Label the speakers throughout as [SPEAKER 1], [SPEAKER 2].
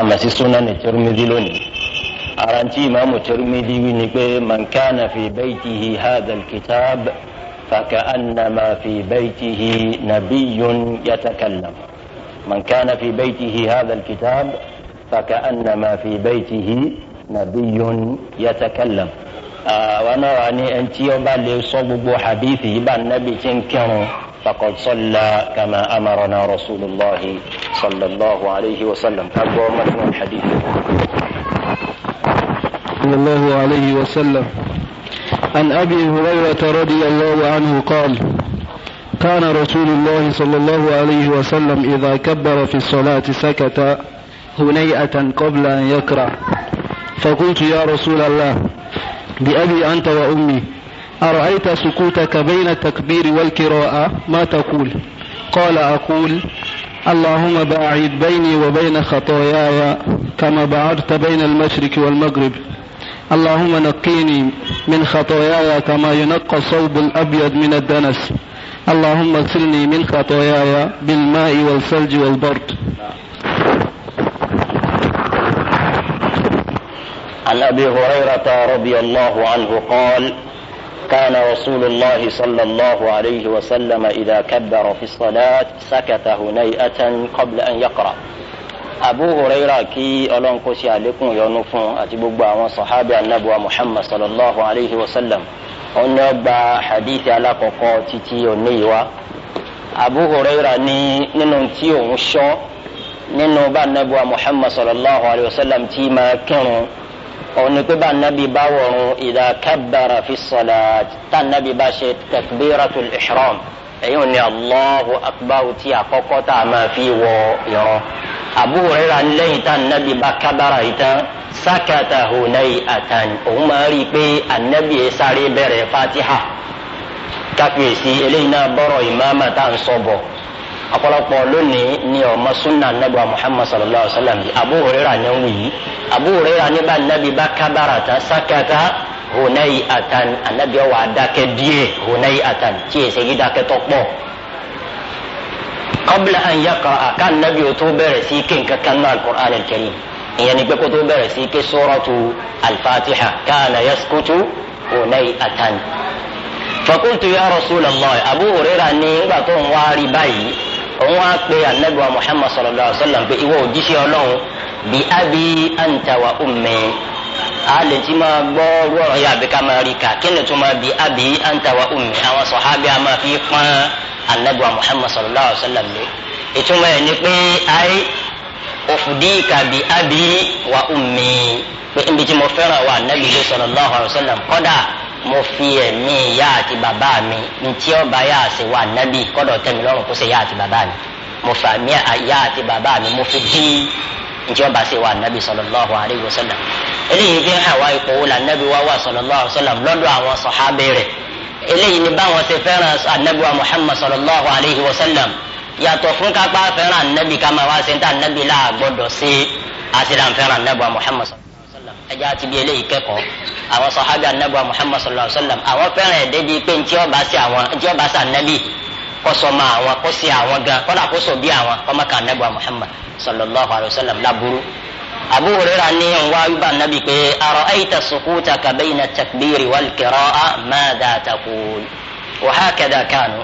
[SPEAKER 1] àmọ́ sí sunan Tirmidhi lónìí arantí imaamu Tirmidhi wí ni pé man kana fi baytihi hadal kitab faka annama fi baytihi nabiyun yatakallam man kana fi baytihi hadal kitab faka annama fi baytihi nabiyun yatakallam àwọn náà wà ní ẹni tí ó bá lè sọ gbogbo hadithi yìí
[SPEAKER 2] bá nàbì tí ń kírun. فقد صلى كما أمرنا رسول الله صلى الله عليه وسلم أبو متن الحديث
[SPEAKER 1] صلى الله عليه وسلم عن أبي هريرة رضي الله عنه قال كان رسول الله صلى الله عليه وسلم إذا كبر في الصلاة سكت هنيئة قبل أن يكره فقلت يا رسول الله بأبي أنت وأمي أرأيت سكوتك بين التكبير والقراءة ما تقول قال أقول اللهم باعد بيني وبين خطاياي كما بعدت بين المشرق والمغرب اللهم نقيني من خطاياي كما ينقى الصوب الأبيض من الدنس اللهم اغسلني من خطاياي بالماء والثلج والبرد
[SPEAKER 2] عن أبي هريرة رضي الله عنه قال كان رسول الله صلى الله عليه وسلم إذا كبر في الصلاة سكت هنيئة قبل أن يقرأ abu huraira kí ọlọ́run kó ṣe àlékún ìyọnu fún àti gbogbo àwọn sọ̀hábì anábùwà muhammad sallallahu alayhi wa sallam ọ̀nà gba hadith alákọ̀ọ́kọ́ títí òní yìí wá. abu huraira ní nínú tí òun ṣọ́ nínú bá anábùwà muhammad sallallahu alayhi wa sallam tí máa kírun òun ni pé bá nabi bá wọ̀run ìdá kábàrà fi sọ̀lá tá nabi bá ṣe takbiratul ihram èyí ò ní allahu akbar tí àkọ́kọ́ tá a máa fi wọ ìran Abu Hurairah lẹ́yìn tá nabi bá kábàrà yìí tán sákàtà hùnàyí àtàn òun máa rí i pé anabi sáré bẹ̀rẹ̀ fatiha kápẹ́sì eléyìí náà bọ̀rọ̀ ìmáàmà tá à ń sọ bọ̀ ọ̀pọ̀lọpọ̀ lónìí ni ọmọ sunna anabi wa muhammad sallallahu alaihi wa sallam yìí abu hurera ni ń wuyì abu hurera ni bá anabi bá kábàràtà sákàtà hunayi atan anabi wa adakẹ díẹ̀ hunayi atan tí èsè yìí dakẹ tọ pọ. qabla an yaqra àká anabi o tó bẹ̀rẹ̀ sí ké nǹkan kan náà alukur'an alkarim ìyẹn ni pé kó tó bẹ̀rẹ̀ sí ké suratu alfatiha kana yaskutu hunayi atan. fakultu ya rasulallah abu hurera ni ngbà tó ń wá báyìí òun wá pe anabiwa muhammad sallallahu alaihi wa sallam pé ìwọ òjíṣẹ́ ọlọ́run bí abi anta wa ummi alẹ tí máa gbọ́ wọ́ọ̀rọ̀ yà bí ká máa rí ká kí ni tó máa bí abi anta wa àwọn sọ̀hábí a máa fi pọ́n anabiwa muhammad sallallahu alaihi wa sallam lé ìtumọ̀ ẹ̀ ni pé ayé òfudíkà bí abi wa ummi pé ibi tí mo fẹ́ràn wa anabi sallallahu alaihi wa sallam kọ́dà mo fi ẹ̀mí ìyá àti bàbá mi ntí ọba yá àṣẹ wà nábì kọ́dọ̀ tẹ̀mí lọ́rùn kó ṣe ìyá àti bàbá mi mo fà mí ìyá àti bàbá mi mo fi dí ntí ọba ṣe wà nábì sallallahu alaihi wasallam eléyìí fi hàn wá ipò wò lànàbí wá wà sallallahu alaihi wasallam lọ́dọ̀ àwọn sọ̀hábẹ́ rẹ̀ eléyìí ni báwọn ṣe fẹ́ràn ànábì wa Muhammad sallallahu alaihi wasallam yàtọ̀ fún kápá fẹ́ràn ànábì ká máa wá ṣe ń tà ànábì láà gbọ́dọ̀ ṣe àṣìlà fẹ́ràn ànábì wa Muhammad sallallahu ẹja ti di eléyìí kẹ́kọ̀ọ́ àwọn sọhábì anabi muhammad sallallahu alaihi wa sallam àwọn fẹ́ràn ẹdẹ bíi pé ntí ọba sí àwọn ntí ọba sí anabi kọsọ ma àwọn kó sí àwọn gan kọlá kó sọ bí àwọn kọmọkà anabi muhammad sallallahu alaihi wa sallam laburu abu hurera ní nwa yúbà anabi pé arọ ayita sukuta kabeina takbiri wal kiraa maada takul wàhákẹ́dà kanu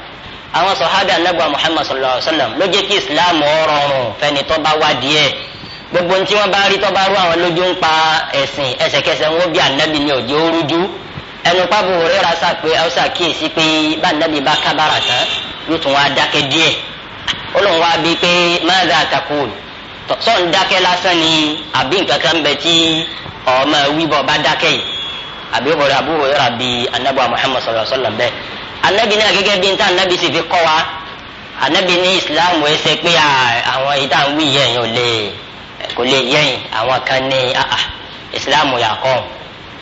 [SPEAKER 2] àwọn sọhábì anabi muhammad sallallahu alaihi wa sallam ló jẹ́ kí islam ọ̀rọ̀ fẹ́ni tó wá díẹ̀ gbogbo ntí wọn bá rí tó rú àwọn lójú ń pa ẹsìn ẹsẹ̀kẹsẹ̀ ń wó bí anabi ni òjò rújú ẹnu pábò rẹra sá pé ọsà kíyèsí pé bá anabi bá kábàrà tán yóò tún wá dákẹ́ díẹ̀ ó lóun wá bíi pé máza àtàkù sọ ń dákẹ́ lásán ni àbí nǹkan kan bẹ tí ọmọ wíbọ bá dákẹ́ yìí àbí ọbọdọ àbúrò rẹra bí anabi muhammad sallallahu alaihi sallam bẹ anabi náà gẹ́gẹ́ bí n anabi sì fi kọ́ wa anabi ní islam ẹsẹ pé àwọn ìtàn wíyẹn yóò lé e kò lè yẹyìn àwọn kan ní àà ìsìláàmù yàkọ́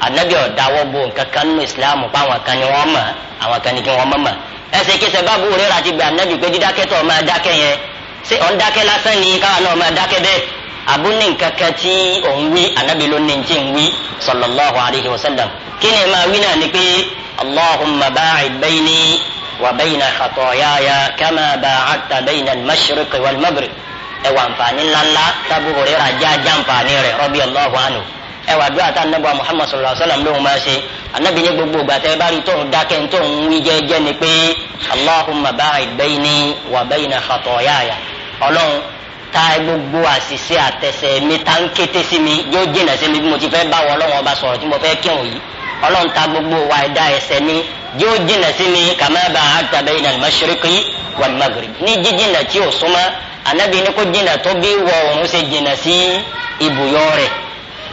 [SPEAKER 2] anabi ọ̀dáwọ́ bo nǹkan kan nínú ìsìláàmù pa àwọn kan ní wọ́n mọ̀ àwọn kan ní kí wọ́n mọ̀ mọ̀ ẹsẹ̀ kíṣẹ̀ báàbù rẹ̀ láti gbé anabi pé dídákẹ́ tó máa dákẹ́ yẹn ṣé ọ̀n dákẹ́ lásán ni káwa náà máa dákẹ́ bẹ́ẹ̀ abu ní tí òun wí anabi ló ní tí ń wí alayhi wa sallam kí ni máa wí náà ni pé allahumma ba'id bayni wa bayna khatayaaya kama ba'adta bayna al-mashriqi wal-maghrib ẹwà nfààní ńláńlá tábù òrera já já nfààní rẹ rọbì ọlọ́hu àánú ẹwà dúró àti anábọ̀ muhammad sallallahu alayhi wa sallam lóhùn máa ṣe anábì ní gbogbo ìgbà tẹ́ bá rí tóun dákẹ́ tóun wí jẹ́jẹ́ ni pé allahumma ba'id bayni wa bayna khataaya ọlọ́run ta gbogbo àṣìṣe àtẹ̀sẹ̀ mi ta ń kété sí mi yóò jìnà sí mi bí mo ti fẹ́ bá wọn ọlọ́run ọba sọ̀rọ̀ tí mo fẹ́ kírun yìí ọlọ́run ta gbogbo wa ẹ̀dá ẹ̀ṣẹ̀ mi yóò jìnà sí mi kàmá ba'adta bayna al-mashriqi wal-maghrib ní jíjìnà tí ò súnmọ́ anabi ni kò jìnnà tó bí wọ òun ṣe jìnnà sí ibùyọ rẹ̀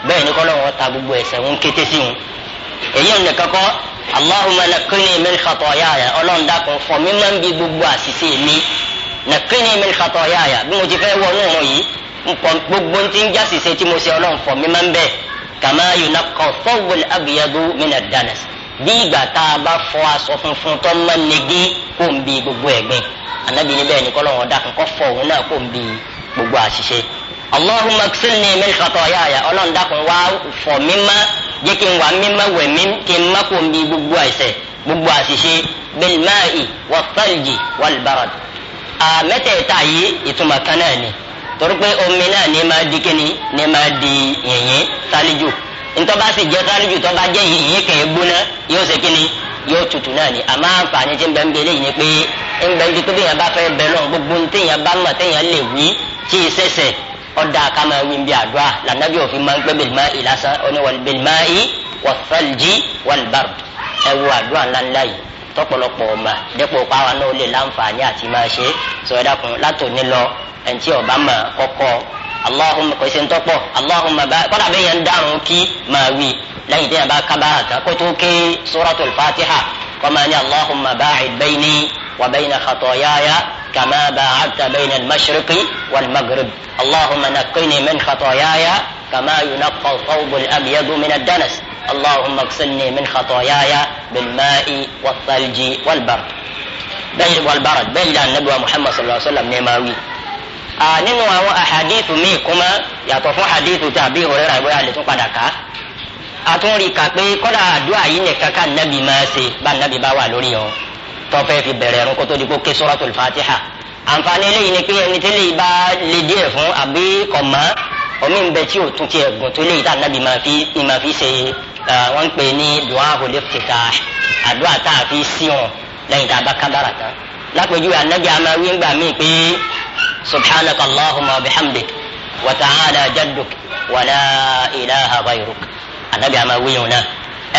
[SPEAKER 2] bẹ́ẹ̀ ni kọ́lọ́ wọn ta gbogbo ẹ̀ṣẹ̀ ń kété sí wọn. èyí ò ní kankan allahumma nakini min khatoyaya ọlọ́run dákun fọ mi máa ń bi gbogbo àṣìṣe mi nakini min khatoyaya bí mo ti fẹ́ wọ inú yìí gbogbo ti ń jásìṣe tí mo ṣe ọlọ́run fọ mi máa ń bẹ̀ kàmá yòóná kan fọwọ́l abiyadu mina danas bí ìgbà tá a bá fọ aṣọ funfun tó máa negi kó ń bi gbogbo ẹ̀gbin anabi ni bẹ́ẹ̀ ni kọ́lọ́wọ́ dákun kọ́ fọ òun náà kó n bí gbogbo àṣìṣe. allahumma ksilni min khatayaaya ọlọ́run dákun wá fọ mímọ́ jẹ́ kí n wà mímọ́ wẹ̀ mí kí n má kó n bí gbogbo àṣẹ gbogbo àṣìṣe bil ma'i wat thalji wal barad. yìí ìtumọ̀ kan náà ni torí pé omi náà ní máa di kíni ní máa di yìnyín sálíjù ntọ́ba sì jẹ́ sálíjù tọ́ba jẹ́ yìnyín kẹ̀ẹ́ gbóná yóò ṣe kíni yóò tutù náà ni àmọ́ àǹfààní tí ń bẹ ń bẹ lẹ́yìn ni pé ń bẹ ní pé bẹ́yàn bá fẹ́ bẹ lọ́n gbogbo ní téèyàn bá mọ̀ téèyàn lè wí tí ì sẹ̀sẹ̀ ọ̀dà ká máa wí bí àdúrà lànàbí òfin máa ń pẹ́ bẹ̀lì máa ìlàsán ọ̀nà wà máa ì wàfẹ́lìjì wàlbàrd ẹ wo àdúrà ńláńlá yìí tọ́pọ̀lọpọ̀ ọ̀ma dẹ́pọ̀ pàwọn náà ó lè láǹfààní àti máa ṣe sọ̀rọ̀ dàkún látòní lọ ẹnití ọba mà kọkọ aláhùnmá kò ṣe ntọpọ tọpọ bá kọlá bẹ́ẹ̀ yẹn ń dárun kí ma wí lẹ́yìn tí yẹn bá kaba ata kó tó ké suratul fatiha kọ́má ní bá aláhùnmá bẹyìn ní wa bẹyìn bayna khataayaya kàmá bá bẹyìn ní ba'adta bayna al-mashriqi wal-maghrib aláhùnmá naqqini min khataayaya kàmá yunaqqa al-thawbu al-abyadu min ad-danas اللهم اغسلني من خطاياي بالماء والثلج والبرد nabi wa بل sallallahu alaihi wa sallam عليه وسلم wi. nínú àwọn ahadithu míì kúmọ́ yàtọ̀ fún ahadithu tí àbí òrẹ́ rà ìwéra lè tún padà ká àtúnrí kà pé kọ́dà àdúrà yìí nìkan ká nàbì máa ṣe bá nàbì bá wà lórí ọ tọ́fẹ́ fi bẹ̀rẹ̀ ẹ̀rún kótó di kó ké suratul fatiha àǹfààní eléyìí ni pé ẹni tí léyìí bá lè díẹ̀ fún àbí kọ̀mọ́ omi ń bẹ tí ò tún ti ẹ̀gùn tó léyìí tá nàbì máa fi ni máa ṣe wọ́n ń pè ní du'aul iftitah àdúrà tá a fi sí lẹ́yìn tá a bá kábàrà tán lápèjúwe ànábì àmàwí ń gbà míì سبحانك اللهم وبحمدك وتعالى جدك ولا إله غيرك النبي àmà wíyùn náà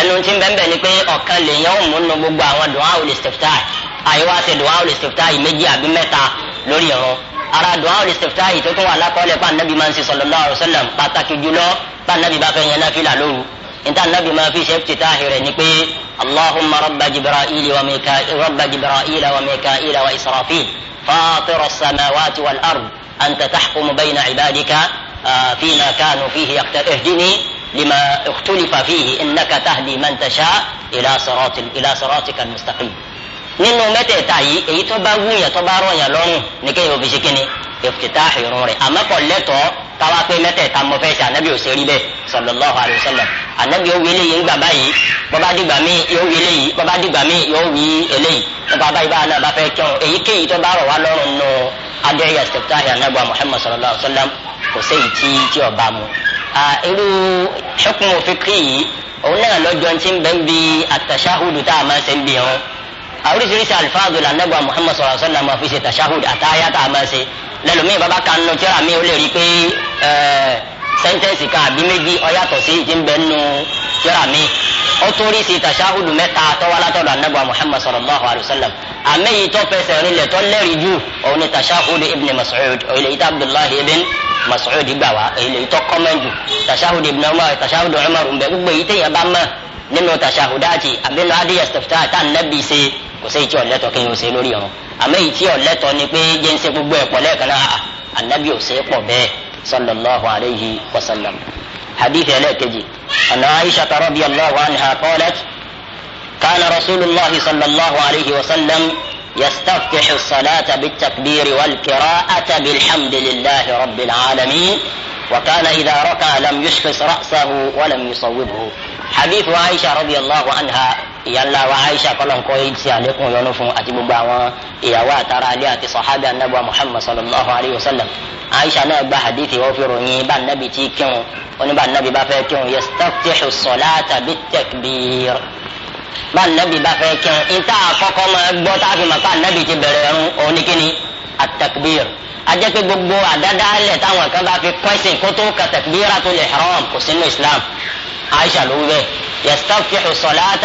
[SPEAKER 2] ẹnu tí ń bẹ́ẹ̀ ni pé ọ̀kan lèèyàn الاستفتاء múnú gbogbo àwọn dùn áwòlì sèftà àyíwá ṣe dùn áwòlì sèftà yìí méjì àbí mẹ́ta lórí ìrun ara dùn áwòlì sèftà yìí tó tún wà lákọọ́lẹ̀ pa ànábì máa ń ṣe sallallahu alaihi wasallam pàtàkì jùlọ pa ànábì bá fẹ́ yẹn náà fi ṣe fìtà rẹ̀ ni pé allahumma rabba jibra'il wa wa mika ila wa israfil فاطر السماوات والأرض أنت تحكم بين عبادك آه، فيما كانوا فيه اهدني لما اختلف فيه إنك تهدي من تشاء إلى صراط إلى صراطك المستقيم nínú mẹ́tẹ̀ẹ̀ta yìí èyí tó bá wúyàn tó bá rọ̀yàn lọ́rùn ní kéèyàn ò fi ṣe kíni ìfìtá ìrun rẹ̀ àmọ́ kò lẹ́tọ̀ọ́ káwá pé mẹ́tẹ̀ẹ̀ta mo fẹ́ ṣe ànábì ò ṣe rí bẹ́ẹ̀ sallallahu alaihi wasallam ànábì ó wí eléyìí ńgbà báyìí bọ́bá dìgbà míì yóò wí eléyìí bọ́bá dìgbà míì yóò wí eléyìí bọ́bá báyìí bá náà bá fẹ́ kírun èyíkéyìí tó bá rọ̀ wá lọ́rùn nù adéyà sèptáhì Muhammad sallallahu alaihi wasallam kò séyìí tí tí ọba mu. irú ṣẹ́kùn òfin kì í òun náà oríṣiríṣi alifáàdù la nẹ́gbà muhammad sallallahu alaihi wasallam fi ṣe tashahud àtàyà tá a máa ṣe lẹ́lòmíì bàbá kan nù tíra mi ò lè rí i pé sẹ́ńtẹ́ǹsì kan àbí méjì ó yàtọ̀ sí ti ń bẹ nù tíra mi ó tún rí sí tashahud mẹ́ta tọ́wálátọ̀dọ̀ anẹ́gbà muhammad sallallahu alaihi wasallam àmẹ́yìí tó fẹsẹ̀ rinlẹ̀ tó lẹ́rìí jù òun ni tashahud ibn mas'ud òyìnbó ita abdullahi ibn mas'ud gbà wá èyí tó kọ́mẹ́ntù tashahud kò sẹ́yìn tí ọ̀ lẹ́tọ̀ kí n ṣe lórí ọ̀run àmọ́ ìtí lẹ́tọ̀ ni pé jẹ́ ń ṣe gbogbo ẹ̀pọ̀ lẹ́ẹ̀kan náà ànábì ò ṣe pọ̀ bẹ́ẹ̀ sallallahu alayhi wa sallam. hadith ẹlẹ́ẹ̀kejì ọ̀nà aisha radiyallahu anha qalat كان رسول الله صلى الله عليه وسلم يستفتح الصلاة بالتكبير والقراءة بالحمد لله rabbil العالمين وكان إذا ركع لم يشخص رأسه ولم يصوبه حديث عائشة رضي الله عنها ìyànlá wa aisha kọlọ́n kọ́ yìí ti àlékún yọnu fún àti gbogbo àwọn ìyàwó àtàrà alẹ́ àti sọ̀hábì anábọ̀ muhammad sallallahu alayhi wa sallam aisha náà gba hadithi wọ́n fi ròyìn bá anabi ti kírun oní bá anabi bá fẹ́ kírun yastaftihu sọ̀láta bi takbir bá anabi bá fẹ́ kírun ìta àkọ́kọ́ máa gbọ́ tá a fi mọ̀ pé anabi ti bẹ̀rẹ̀ ẹ̀rún òun ní kíni التكبير اجاك جبو عدد اللي تاوى كذا في قيسين كتو كتكبيرة الاحرام قسم الاسلام عائشة الوبة يستفح الصلاة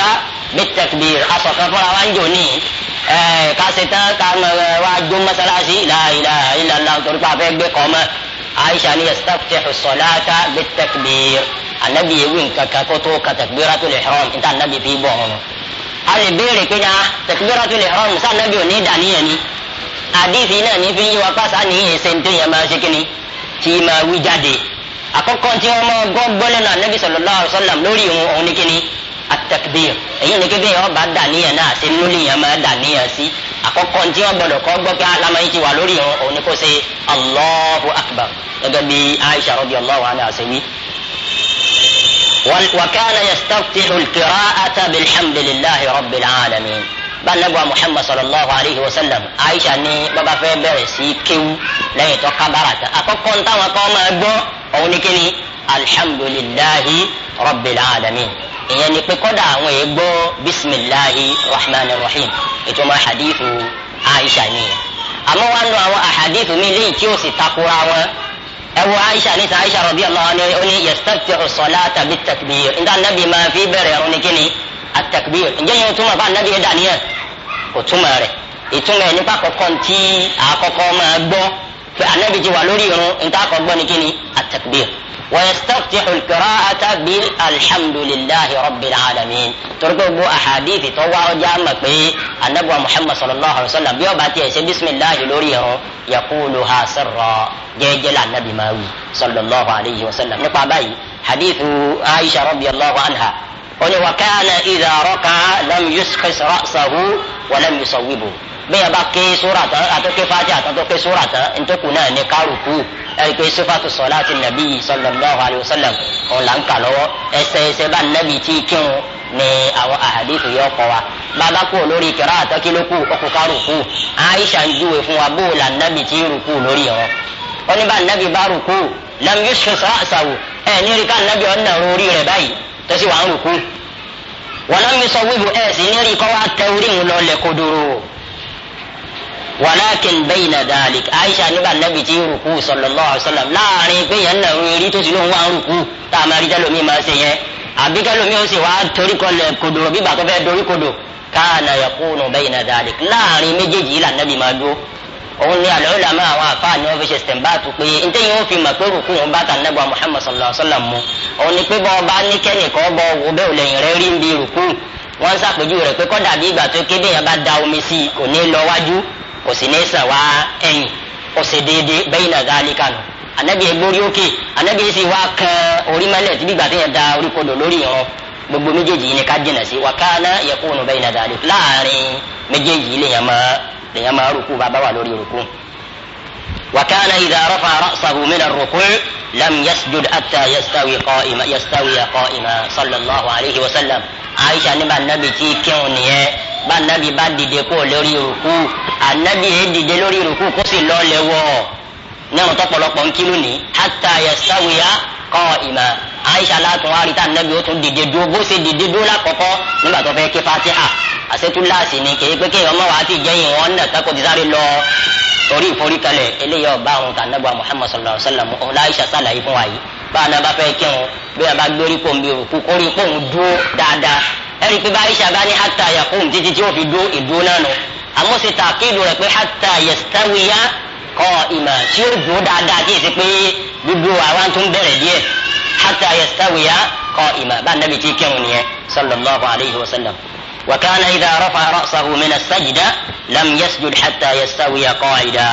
[SPEAKER 2] بالتكبير خاصة كفر وانجو نين اي كاسيتا كام واجوم سلاسي لا اله الا الله تركع في بقوم عائشة يستفح الصلاة بالتكبير النبي يوين كتو كتكبيرة الاحرام انت النبي في بوهنو هذه بيري كنا تكبيرة الاحرام سال نبي ونيدانيني àdìsí náà ní fi ń yí wa pàṣẹ àníyàn ẹsẹ̀ tó yẹ máa ṣe kíni tí máa wí jáde àkọ́kọ́ tí wọ́n máa gbọ́ gbọ́ lẹ́nu anabi sallallahu alaihi wasallam lórí òun òun ní kíni atakbir èyí ni kébé yẹn ọba dàníyàn náà ṣe lórí yẹn máa dàníyàn sí àkọ́kọ́ tí wọ́n gbọ́dọ̀ kọ́ gbọ́ pé alamọ́yé ti wà lórí òun òun ní kó ṣe allahu akbar gẹ́gẹ́ bí aisha radiyallahu anha ṣe wí. وكان يستفتح القراءة بالحمد لله رب العالمين banabuwa muhammad sallallahu alayhi wa sallam aisha ni bàbá fẹ́ bẹ̀rẹ̀ sí kéwú lẹ́yìn tó kábàrà tán àkọ́kọ́ ntáwọn kan máa gbọ́ òun ni kíni alhamdulilahi rabbil alamin ìyẹn ni pé kọ́dà àwọn yẹn gbọ́ bisimilahi rahman rahim ìtumọ̀ hadithu aisha ni àmọ́ wàá nù àwọn ahadithu mi léyìí tí ó sì takura wọn ẹwọ aisha ní sàn aisha rabi allah ni ó ní yastatiru salata bitakbir nta nabi máa fi bẹ̀rẹ̀ òun ni kíni atakbir ǹjẹ́ yẹn túmọ̀ fún anabi ẹ̀dá nìyẹn kò túmọ̀ rẹ̀ ìtumọ̀ ẹ̀ nípa kọ̀kọ́ ntí àkọ́kọ́ máa gbọ́ pé anabi ti wà lórí irun ntá kọ́ gbọ́ ni kíni atakbir ويستفتح القراءة بالحمد لله رب العالمين تركوا أحاديث توا جامع النبي محمد صلى الله عليه وسلم بيو باتي بسم الله لوريه يقولها سرا جيجل النبي ماوي صلى الله عليه وسلم نقع باي حديث عائشة رضي الله عنها oni wakana idà rọka lam yuskis ra'sahu wa lam yusawibu bẹ́ẹ̀ bá ké sóra tán àtọ́ké fati àtọ́ké sóra tán ntọ́kù náà ní kárùkù ẹ̀rí pé sifatu salati nàbí sallallahu alayhi wa sallam òun là ń kà lọ́wọ́ ẹsẹ̀ ẹsẹ̀ bá nàbí tí kírun ní àwọn àhàdìtì yọ kọ́ wa bàbá kú lórí kẹrẹ àtọ́ké ló ọkù kárùkù Aisha ń júwe fún wa bó la nàbí tí rùkù lórí wọn ó ní bá nàbí bá rùkù lam yushis tẹ́sí wàá ń rùkú wọn náà mi sọ wíwò ẹ̀ sí ní rí kọ́ wá tẹ orí òun lọ́lẹ̀ kodoro walakin bayna dalik aisha nígbà nabi ti ruku sallallahu alaihi wasallam láàrin pé yẹn náà rí tó sì lóun wá ń ruku tá a máa rí tẹlomi máa ṣe yẹn àbí tẹlomi ó sì wá torí kọlẹ̀ kodoro bí bàtọ́ fẹ́ dorí kodo káà náà yẹ kúnnù bayna dalik láàrin méjèèjì yìí là nabi máa dúró òun ni àlọ́ ìlànà àwọn àfáà ni wọ́n fi ṣe stẹ̀mbáàtù pé ntẹ́ yìí wọ́n fi mọ̀ pé rùkú yìí ń bá ta nẹ́gbà muhammad sallallahu alayhi wa sallam mu òun ni pé bọ́ ọba ní kẹ́nìkan bọ́ wo bẹ́ẹ̀ ò lẹ́yìn rẹ rí ń bi rùkú wọ́n ṣàpèjúwe rẹ̀ pé kọ́dà bí ìgbà tó kéde yẹn bá da omi sí i kò ní lọ wájú kò sì ní sàn wá ẹ̀yìn ó ṣe déédé bẹ́yìn náà dáálí kanu anabi egbori òkè anabi sì wá kan orí mẹ́lẹ̀ tí gbígbà téèyàn da orí kodò lórí yẹn gbogbo méjèèjì yìí ni ká jìnnà sí wàkánná yẹ kó bẹ́yìn náà dáálí láàrin méjèèjì yìí lèèyàn máa lèyàn máa rúkú bàbá wà lórí rúkú. وكان إذا رفع رأسه من الركوع لم يسجد حتى يستوي قائما يستوي قائما صلى الله عليه وسلم عائشة نبى النبي تي كوني bá nabi bá dìde kó lórí ruku anabi yẹn dìde lórí ruku kó sì lọ lẹwọ nínú tọpọlọpọ nkí lónìí hata yasawiya kọ ìmà aisha látún wá rí tá nàbí ó tún dìde dúró bó ṣe dìde dúró lákọ̀ọ́kọ́ nígbà tó fẹ́ ké fatiha àṣetúláàsì ni kì í pé kéèyàn ọmọ wa ti jẹ́yìn wọn nà tako ti sáré lọ
[SPEAKER 1] torí ìforíkalẹ̀
[SPEAKER 2] eléyà ọba àwọn tà nàbà muhammad sallallahu alayhi wa sallam ọ̀hún aisha sàlàyé fún wa yìí bá a nà bá fẹ́ kírun bí a bá gbórí kò ń bí òkú kórí kò ń dúró dáadáa ẹ̀rí pé bá aisha bá ní hata yakun títí tí ó fi dúró ìdúró náà nù àmọ́ ṣe tàkìlù rẹ̀ pé hata yastawiya kọ́ ìmọ̀ tí ó dùn dáadáa tí èsì pé dúdú àwa tó ń bẹ̀rẹ̀ díẹ̀ hata yastawiya kọ́ ìmọ̀ bá nàbì tí kírun nìyẹn sallallahu alayhi wa sallam. وكان إذا رفع رأسه من السجدة لم يسجد حتى يستوي قاعدا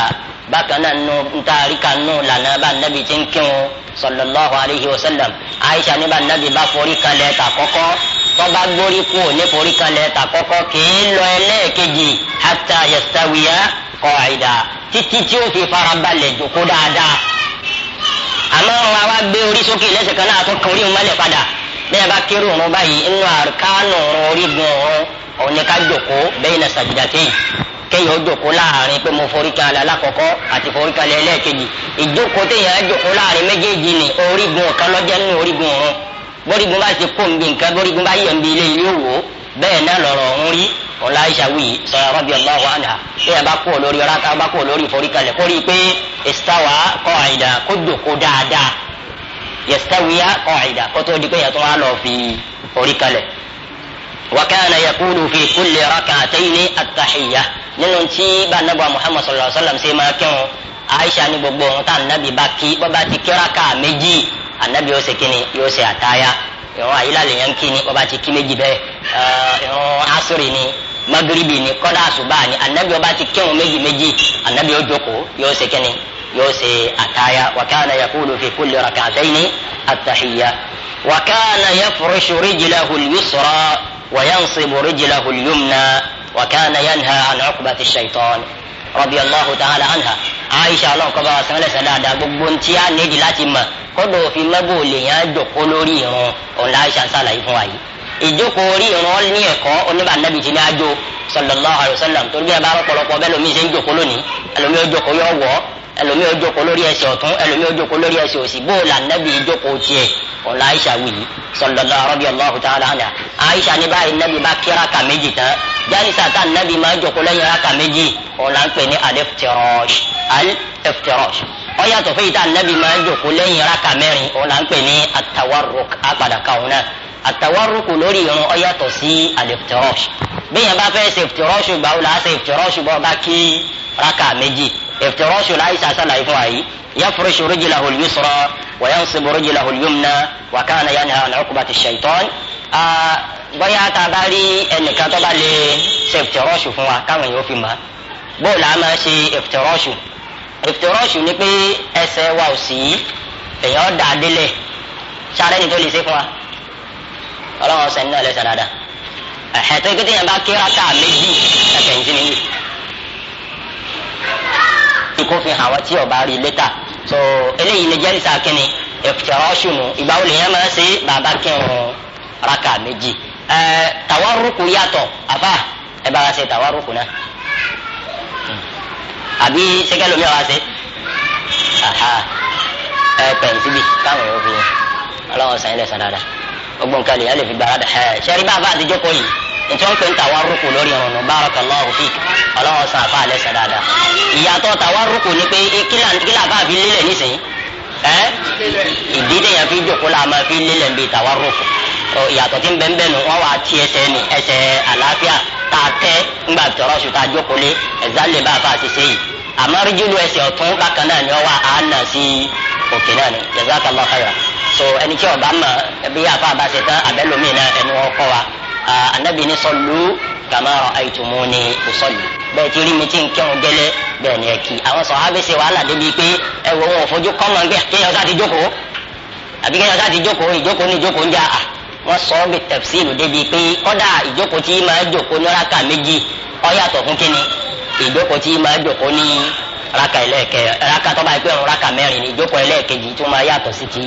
[SPEAKER 2] bákan náà nù ntaari ka nù lànà bá nàbì tí ń kírun sallallahu alayhi wa sallam aisha ní bá nàbì bá forí kalẹ̀ ta kọ́kọ́ tọ́ba gbórí kú ní forí kalẹ̀ ta kọ́kọ́ kìí lọ ẹlẹ́ẹ̀kejì hatta yastawiya qa'ida títí tí ó fi farabalẹ̀ jòkó dáadáa àmọ́ wa wá gbé orí sókè lẹ́sẹ̀ kan náà tó kan orí mọ́lẹ̀ padà bẹ́ẹ̀ bá kéré òun báyìí inú àrùkánù òun orígun òun òun ni ká jòkó bayna kéèyàn ó jòkó láàrin pé mo foríkalẹ̀ alákọ̀ọ́kọ́ àti foríkalẹ̀ ẹlẹ́ẹ̀kejì ìjókòó téèyàn á jòkó láàrin méjèèjì ni orígun ọ̀kan lọ́jẹ́ nínú orígun ọ̀run bórígun bá ti kó ń nǹkan bórígun bá yẹ̀ ń ilé ilé òwò bẹ́ẹ̀ náà lọ̀rọ̀ ọ̀hún rí ọ̀la ìṣàwí sọ̀rọ̀ rọ́bì ọlọ́hu àná ṣé bá kú olórí ọ̀rá ká bá kú olórí ìforíkalẹ̀ kó pé ìsítáwà kọ́ àìdá kó jòkó dáadáa yẹsítáwìyà kọ́ àìdá kó tó di pé yẹtọ́ wa lọ fi oríkalẹ̀. wàkàna yakulu fi kulli rakataini àtàhìyà nínú tí bá nàbà muhammad sallallahu alaihi wa sallam ṣe máa kírun aisha ní gbogbo ohun tá ànábì bá kí bọ́ba ti kíra ká méjì ànábì yóò ṣe kíni yóò ṣe àtàyà ìrún àyílálẹ̀ lè yan kíni ni bọ́ba ti kí méjì bẹ́ẹ̀ ìrún asúrì ni magiribi ni kọ́dà àṣùbà ni ànábì ọba ti kírun méjì méjì ànábì yóò jókòó yóò ṣe kíni yóò ṣe àtàyà wàkàna yakulu fi kulli rak'atayni àtàhìyà wàkàna yafrushu rijlahu al-yusra wa yansibu rijlahu al-yumna. وكان ينهى عن عقبة الشيطان رضي الله تعالى عنها عائشة الله كبار سنة سنة بقبون تيا نجي لاتي ما كدو في مبولي يجو قلوري on láìsà ń sàlàyé fún wa yìí ìjókòó orí ìran ní ẹ̀kọ́ oníbà nàbì tí ní àjò sallallahu alaihi wasallam torí bí ẹ bá rọpọlọpọ bẹ́ẹ̀ lómi ṣe ń jókòó lónìí ẹlòmí ó jókòó yọ wọ́ ẹlòmí ó jókòó lórí ẹsẹ̀ ọ̀tún ẹlòmí ó jókòó lórí ẹsẹ̀ òsì bó la nabi jókòó tiẹ̀ ọ̀la aisha wuli sallallahu radiyallahu ta'ala anha aisha ní báyìí nabi bá kí raka méjì tán jalisa ta nabi máa jókòó lẹ́yìn raka méjì ọ̀la ń pè ní al-iftirash al-iftirash ó yàtọ̀ fún ìta nabi máa jókòó lẹ́yìn raka mẹ́rin ọ̀la ń pè ní at-tawarruk apàdà kàwọn náà àtàwárùkù lórí irun ó sí al-iftirash yẹn bá fẹ́ ṣe iftirash gbàwó افتراش العيسى سلا إفوائي يفرش رجله اليسرى وينصب رجله اليمنى وكان ينهى عن عقبة الشيطان bóyá tá a bá rí ẹnìkan tó bá lè ṣe ìfìtìrọ́ṣù fún wa káwọn yóò fi mọ̀ bóòlù a máa ṣe ìfìtìrọ́ṣù ìfìtìrọ́ṣù ni pé ẹsẹ̀ wa ò sí èèyàn dà á délẹ̀ sáré ni tó lè ṣe fún wa ọlọ́run ọ̀sẹ̀ nínú ẹlẹ́sẹ̀ dáadáa ẹ̀hẹ́ tó kí téèyàn bá kí rákà méjì ẹ̀kẹ́ ń jí nínú kó fi hàn wá tí ọba rí lẹ́tà so eléyìí lè jẹ́ níta kínní ẹ̀kútẹ̀rọ́ṣù nù ìgbà wo lèèyàn máa ṣe bàbá kírun raka méjì ẹ tàwárùkù yàtọ̀ àbá ẹ bá wa ṣe tàwárùkù náà àbí sẹ́kẹ́ lomi àwa ṣe ẹ pẹ̀lú síbi káwọn èèyàn fi ọlọ́run sàn ilẹ̀ sàn dáadáa gbogbo nǹkan lèèyàn lè fi gbára dà ẹ ṣẹ́rí bá a bá àtijọ́ kọ́ yìí ètò ọ̀pẹ̀ ń tàwárùkù lórí ọ̀run barakallahu fik ọlọ́wọ́ sọ àfa alẹ́ sọ dáadáa ìyàtọ̀ tàwárùkù ni pé kílà bá fi lélẹ̀ nísìnyí ẹ́ ìdí téèyàn fi jókòó la máa fi lélẹ̀ ń bi tàwárùkù ìyàtọ̀ tí ń bẹ́ẹ̀ bẹ́ẹ̀ nù wọ́n wá ti ẹsẹ̀ ní ẹsẹ̀ àlàáfíà tá a tẹ́ ńgbà tọrọ ṣù tá a lé ẹ̀zá bá fa àṣìṣe yìí àmọ́ ẹsẹ̀ ọ̀tún bákan náà ni wọ́n wá a sí òkè náà ni jazakallahu khairan so ẹni tí ọba mọ̀ bí àfa àbáṣe tán àbẹ́lómi náà ẹnu ọkọ wa anabi ni sọlù kama àìtùmù ni kò sọlù bẹẹ ti rí mi tí n kẹun gẹlẹ bẹẹ ni ẹ kí àwọn sọ abẹsẹ wàhálà débi pé ẹ wọ wọn fojú kọmọ gbẹ kéèyàn sá ti jókòó àbí kéèyàn sá ti jókòó ìjókòó ni ìjókòó ń jà wọn sọ débi pé kọdà ìjókòó máa jókòó ní méjì ọ fún kíni ìjókòó máa jókòó ní raka ẹlẹ́ẹ̀kẹ́ raka tó bá yẹ pé òun raka mẹ́rin ni ìjókòó ẹlẹ́ẹ̀kejì tó máa yàtọ̀ sí ti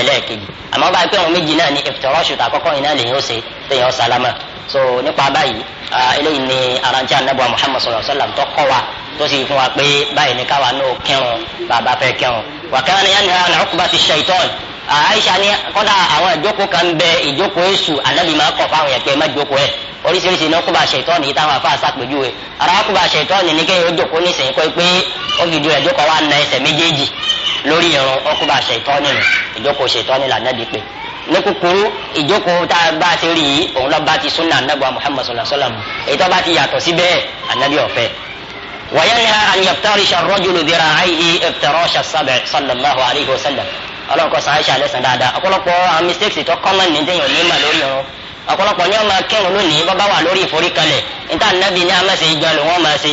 [SPEAKER 2] ẹlẹ́ẹ̀kejì àmọ́ bá yẹ pé òun méjì náà ni ìfitọ́rọ́ṣù tà kọ́kọ́ yìí náà lèyìn ó ṣe lèyìn ó sálámà so nípa báyìí eléyìí ni arantí anabu muhammad sallallahu alayhi wa sallam tó kọ́ wa tó sì fún wa pé báyìí ni káwa náà kírun bàbá fẹ́ kírun wà kánà yẹn ni àwọn aisha ni kọ́dà àwọn ìjókòó kan bẹ ìjókòó èṣù anabi máa kọ̀ fáwọn yẹn pé má jókòó ẹ̀ oríṣiríṣi iná kúba ṣètọ́nì yìí táwọn afáà sàpèjúwe ara kúba ṣètọ́nì ní kéèyàn ó jókòó nísìnyí kọ́ pé ó fi ju rẹ̀ jókòó wá na ẹsẹ̀ méjèèjì lórí ìrun ó kúba ṣètọ́nì rẹ̀ ìjókòó ṣètọ́nì là nẹ́bi pé ní kúkúrú ìjókòó tá a bá ti rí yìí òun lọ bá ti súnà anábọ̀ muhammad sallallahu alayhi wa sallam èyí tó bá ti yàtọ̀ sí anábì ọ̀fẹ́ wàyẹ̀nìhà àníyàtọ̀rìṣà rọ́jùlù bìrà àìyí ẹ̀fẹ̀rọ̀ṣà sábẹ̀ sallallahu alayhi ọ̀pọ̀lọpọ̀ ní ọmọ akẹ́wọ̀n lónìí bọ́ bá wà lórí ìforíkalẹ̀ níta anabi ní amẹ́sẹ̀ ìjọ ló wọ́n máa ṣe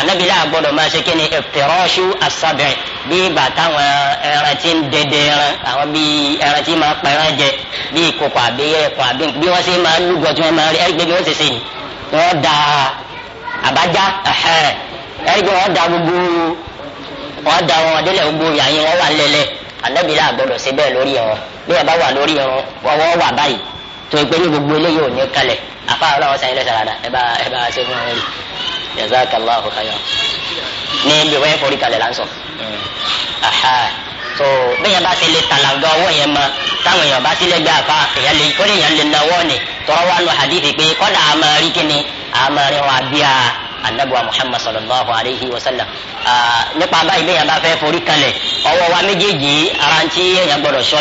[SPEAKER 2] anabi láà gbọ́dọ̀ máa ṣe kíni ẹ̀tẹ̀rọ́ṣù àṣàbẹ̀ bí bàtà àwọn ẹran tí ń dẹdẹ ẹran àwọn bí ẹran tí máa pa ẹran jẹ bí ìkòkò àbí ẹ̀kọ́ àbí bí wọ́n ṣe máa lúgọ tí wọ́n máa rí ẹgbẹ́ bí wọ́n ṣe ṣe ni wọ́n da àbájá ẹgbẹ́ wọ́n da gbogbo wọ́n da wọn délẹ̀ gbogbo yàyìn wọ́n wà lẹ́lẹ̀ anabi láà gbọ́dọ̀ ṣe bẹ́ẹ̀ lórí ẹ̀rọ bí wọ́n bá wà lórí ẹ̀rọ wọ́n wà báyìí tó ẹgbẹ́ ní gbogbo eléyìí ò ní kalẹ̀ àfa ọlọ́wọ́ sanyẹlẹ sàràdà ẹ bá ẹ bá ṣe fún wọn jazakallahu khayran ní ibi wọ́n yẹ forí kalẹ̀ la ń sọ. tó bẹ́ẹ̀ bá ti lè tàlàgà ọwọ́ yẹn mọ táwọn èèyàn bá ti lè gbé àfa èèyàn lè kó lèèyàn lè nawọ́ ni tọ́wọ́ wà lọ hadithi pé kọ́dà àmàrí kíni àmàrí wọn àbíyá anabuwa muhammad sallallahu alayhi wa sallam nípa báyìí bẹ́ẹ̀ yẹn bá fẹ́ forí kalẹ̀ ọwọ́ wa méjèèjì ara ń gbọ́dọ̀ sọ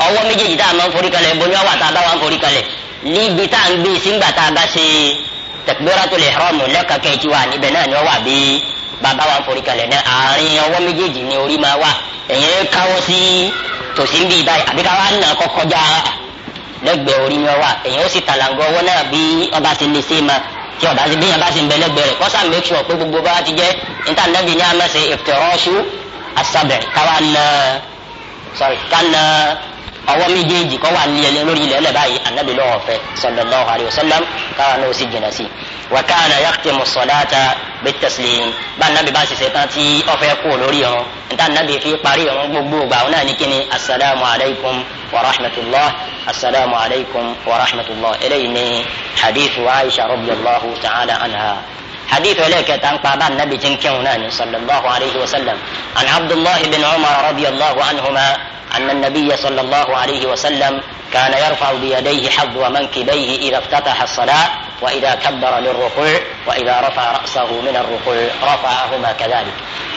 [SPEAKER 2] ọwọ́ méjèèjì tá a máa ń forí kalẹ̀ ìbò ní ọwọ́ àtàbá wa ń forí kalẹ̀ níbi tá à ń gbé sígbà tá a bá ṣe takbiratul ihram lẹ́ka kẹ́ẹ̀tì wa níbẹ̀ náà ni ọwọ́ àbí bàbá wa ń forí kalẹ̀ náà àárín ọwọ́ méjèèjì ni orí máa wà ẹ̀yìn káwọ́ sí tòsí ń bí báyìí àbí káwá nà kọ́kọ́já lẹ́gbẹ̀ẹ́ orí ni ọwọ́ ẹ̀yìn ó sì tàlàngọ́ ọwọ́ náà bí ọba ti lè ṣe máa tí ọba ti bíyàn bá ti ń bẹ lẹ́gbẹ̀ẹ́ rẹ̀ kọsà make sure pé gbogbo bá ti jẹ níta nàbì ní àmẹsẹ ìfẹrọṣù asabẹ káwa nà sorry ká nà
[SPEAKER 1] àwọn méjèèjì kọ́ wà ní
[SPEAKER 2] ẹlẹ́ lórí ilẹ̀ ẹlẹ́ báyìí anabi lọ́wọ́ fẹ́ sallallahu alayhi wa sallam káwọn náà sì jìnnà sí i wa kana yaqtimu salata bitaslim bá nàbí bá ṣiṣẹ́ tán tí ọ̀fẹ́ kú lórí ọ̀run níta nàbí fi parí ọ̀run gbogbo ìgbà ọ̀hún náà ní kíni asalaamu alaykum wa rahmatulah asalaamu alaykum wa rahmatulah eléyìí ni hadith wa aisha radiyallahu ta'ala anha hadith ẹlẹ́kẹta ń pa bá nàbí tí ń kírun náà ní sallallahu alayhi wa sallam an abdullahi bin umar radiyallahu anhuma. أن النبي صلى الله عليه وسلم كان يرفع بيديه حظ ومنكبيه إذا افتتح الصلاة وإذا كبر للركوع وإذا رفع رأسه من الركوع رفعهما كذلك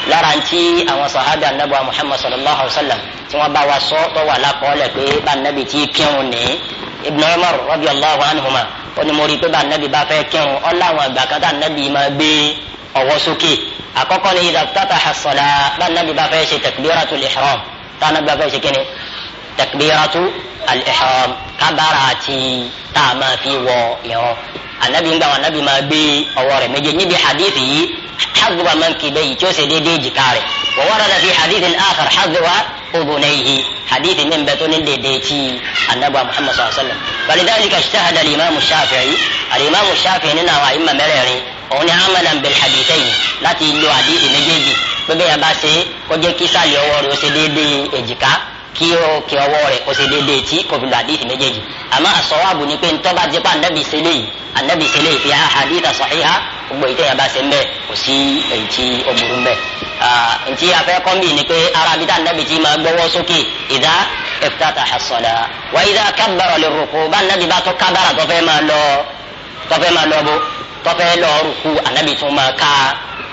[SPEAKER 2] لا رانتي أن صحابة النبي محمد صلى الله عليه وسلم ثم بوا صوت ولا قول النبي تيكيوني ابن عمر رضي الله عنهما oni mo rii النبي ba nabi ba fẹ kírun ọláwọn àgbà kan tá nabi ma gbé ọwọ sókè àkọkọ ni ìdàkútà tá a tá a náà gbàgbọ́ ṣe kíni takbiratu al-ihram kábàárà àti tá a máa fi wọ ìrun anabi ń gbà wọn anabi máa gbé ọwọ́ rẹ̀ méje níbi hadith yìí xazuba mankibe yìí tí ó ṣe déédéé jìkà rẹ̀ wọ́n wọ́n rẹ̀ fi hadith al-akhar xazuba udunayhi hadith min bẹ́ẹ̀ tó ní déédéé tí anabi muhammad sallallahu alayhi wa sallam walidhalika ijtahada al-imaamu shafi'i al-imaamu shafi'i nínú àwọn àyìnbá mẹ́rẹ̀ẹ̀rin òun ni amalan bil hadithayn láti lo hadith méjèèjì gbẹgbẹ yẹn bá ṣe kó jẹ́ kí sàlẹ̀ ọwọ́ rẹ̀ ó ṣe déédéé èjìká kí ó kí ọwọ́ rẹ̀ ó ṣe déédéé tí kò fi lọ àdìsí àmọ́ àsọwábù ni pé ntọ́ bá jẹ́ pé ànábì ṣẹlẹ̀ yìí ànábì ṣẹlẹ̀ yìí fi hàn àdìsí sọ̀híhá gbogbo ìtẹ̀yà bá ṣe ń bẹ̀ kò sí èyí tí ó burú ń bẹ̀. ntí afẹ́ ni pé arábí tá ànábì ti máa gbọ́wọ́ sókè ìdá ẹ̀fútàtà àsọ̀dá wà ìdá kábàrọ̀ lè rúkú bá ànábì bá tó kábàrà tó fẹ́ máa lọ tó fẹ́ máa lọ bó tó fẹ́ rúkú ànábì tó máa ká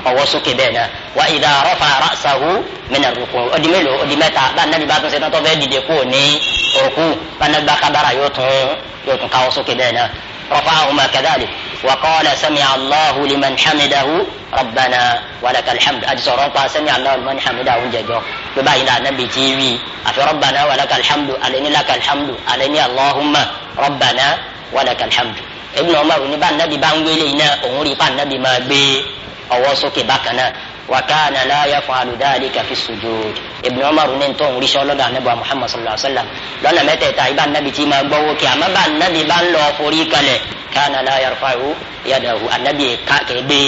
[SPEAKER 2] ọwọ́ sókè bẹ́ẹ̀ náà wa ìdá rọ́fà ra'sahu mẹ́nà rúkú ọdí mélòó ọdí mẹ́ta bá nàbí bá tún ṣe tán tó fẹ́ dìde kú ní òkú bá nàbí bá kábàrà yóò tún yóò tún káwọ́ sókè bẹ́ẹ̀ náà rọ́fà ahùnmá kadhalik wa qala sami allahu liman hamidahu rabbana walaka alhamd àti sọ̀rọ̀ pa sami allahu liman hamidahu jẹjọ bí báyìí náà nàbí tí wí àfi rabbana walaka alhamd alẹ́ni laka alhamd alẹ́ni allahumma rabbana walaka alhamd ibn umar ní bá nàbí bá ń wélé iná òun rí pa nàbí máa gbé ọwọ́ sókè bákan náà wakana la yafalu dhalika fi sujud ibn umar ní tó ń ríṣẹ́ ọlọ́dọ̀ anábọ̀ muhammad sallallahu alayhi wa sallam lọ́nà mẹ́tẹ̀ẹ̀ta ibà nàbì tí ma gbọ́ wókè àmọ́ bá nàbì bá ń lọ forí kalẹ̀ kana la yarfa'u yadahu anabi kàkẹ́ gbé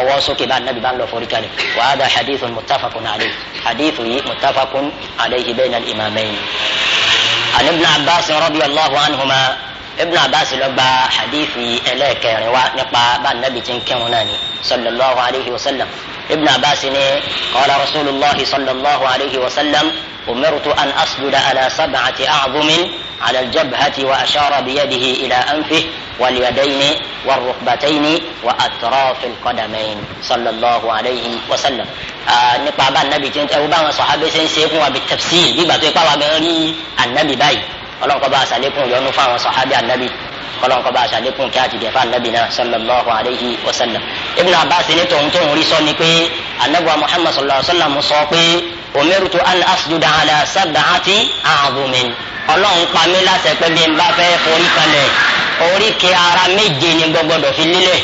[SPEAKER 2] ọwọ́ sókè bá nàbì bá ń lọ forí kalẹ̀ wa hadha hadithun muttafaqun alayhi hadithu yìí muttafaqun alayhi bayna al-imamayn. an ibn abbas radiyallahu anhuma. ابن عباس لبا حديثي إليك روا نقبا بان نبي تنكرناني صلى الله عليه وسلم ابن عباس قال رسول الله صلى الله عليه وسلم أمرت أن أسجد على سبعة أعظم على الجبهة وأشار بيده إلى أنفه واليدين والركبتين وأطراف القدمين صلى الله عليه وسلم نقبا بان النبي تنكرناني أو بان صحابي سيكون بالتفسير بيبا تنكرناني النبي باي ọlọ́run kọ́ bá aṣàlékún ìyọnu fún àwọn sọ̀hábì ànábì ọlọ́run kọ́ bá aṣàlékún kí á ti jẹ́ fún ànábì náà sallallahu alayhi wa sallam. ibn abbas ní tòun tóun rí sọ ni pé anabuwa muhammad sallallahu alayhi wa sallam sọ pé omerutu an asjuda ala sab'ati a'zumin ọlọ́run pa mí láṣẹ pé bí n bá fẹ́ forí kalẹ̀ oríkèé ara méje ni gbọ́gbọ́dọ̀ fi lílẹ̀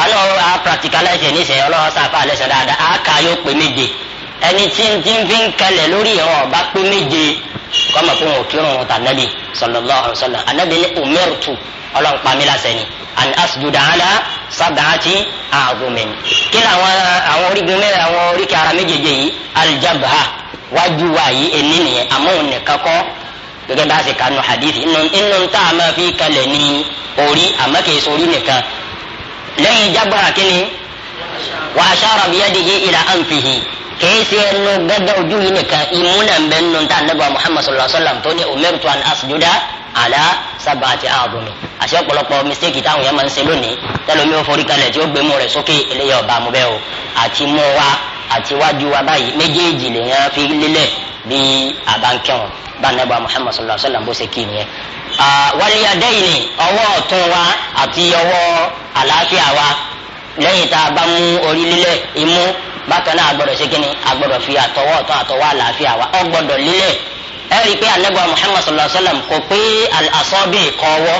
[SPEAKER 2] àwọn náà á practicalize ẹ̀ níṣẹ́ ọlọ́run sáfà lẹ́sẹ̀ dáadáa á kà yóò pé méje ẹni tí ń fi ń kalẹ̀ lórí ìran ọ̀bá pé méje kọ́mọ̀ fún wọn kírun wọn tànàbí sallallahu alaihi wasallam anabi ni umirtu ọlọ́nkpamílá sẹ́ni and asjuda ala sab'ati a'zumin kí ni àwọn àwọn orígun mẹ́rin àwọn oríkì ara méjèèjì yìí aljabha wájú wa yìí ẹni nìyẹn àmọ́ òun nìkan kọ́ gẹ́gẹ́ bá a ṣe kanu hadithi inú inú tá a fi kalẹ̀ ní orí àmọ́ kì í sori nìkan lẹ́yìn jabra kí ni wa ashara biyadihi ila anfihi kìí ṣe ẹnu gbẹgbẹ ojú yìí nìkan ìmúnà ń bẹ nínú tá ànábì muhammad sallallahu alaihi wa sallam tó ní umirtu an asjuda ala sab'ati a'dumi àṣẹ ọ̀pọ̀lọpọ̀ mistake táwọn yẹn máa ń ṣe lónìí tẹlomi ò forí kalẹ̀ tí ó gbé mú rẹ̀ sókè eléyà ọba amúbẹ́ o àti mú wa àti wájú wa báyìí méjèèjì lèèyàn fi lélẹ̀ bí àbánkẹ́wọ̀n bá ànábì muhammad sallallahu sallam bó ṣe kí nìyẹn. wal yadayni ọwọ́ ọ̀tún wa àti lẹ́yìn tá a bá mú orí lílẹ̀ imú bákan náà agbọ́dọ̀ ṣe kínní agbọ́dọ̀ fi àtọwọ́ ọ̀tún àtọwọ́ àlàáfíà wa ọgbọ́dọ̀ lílẹ̀ ẹ rí i pé anagba muhammad sallallahu alayhi wa sallam kò pé asọ́bì kọ́wọ́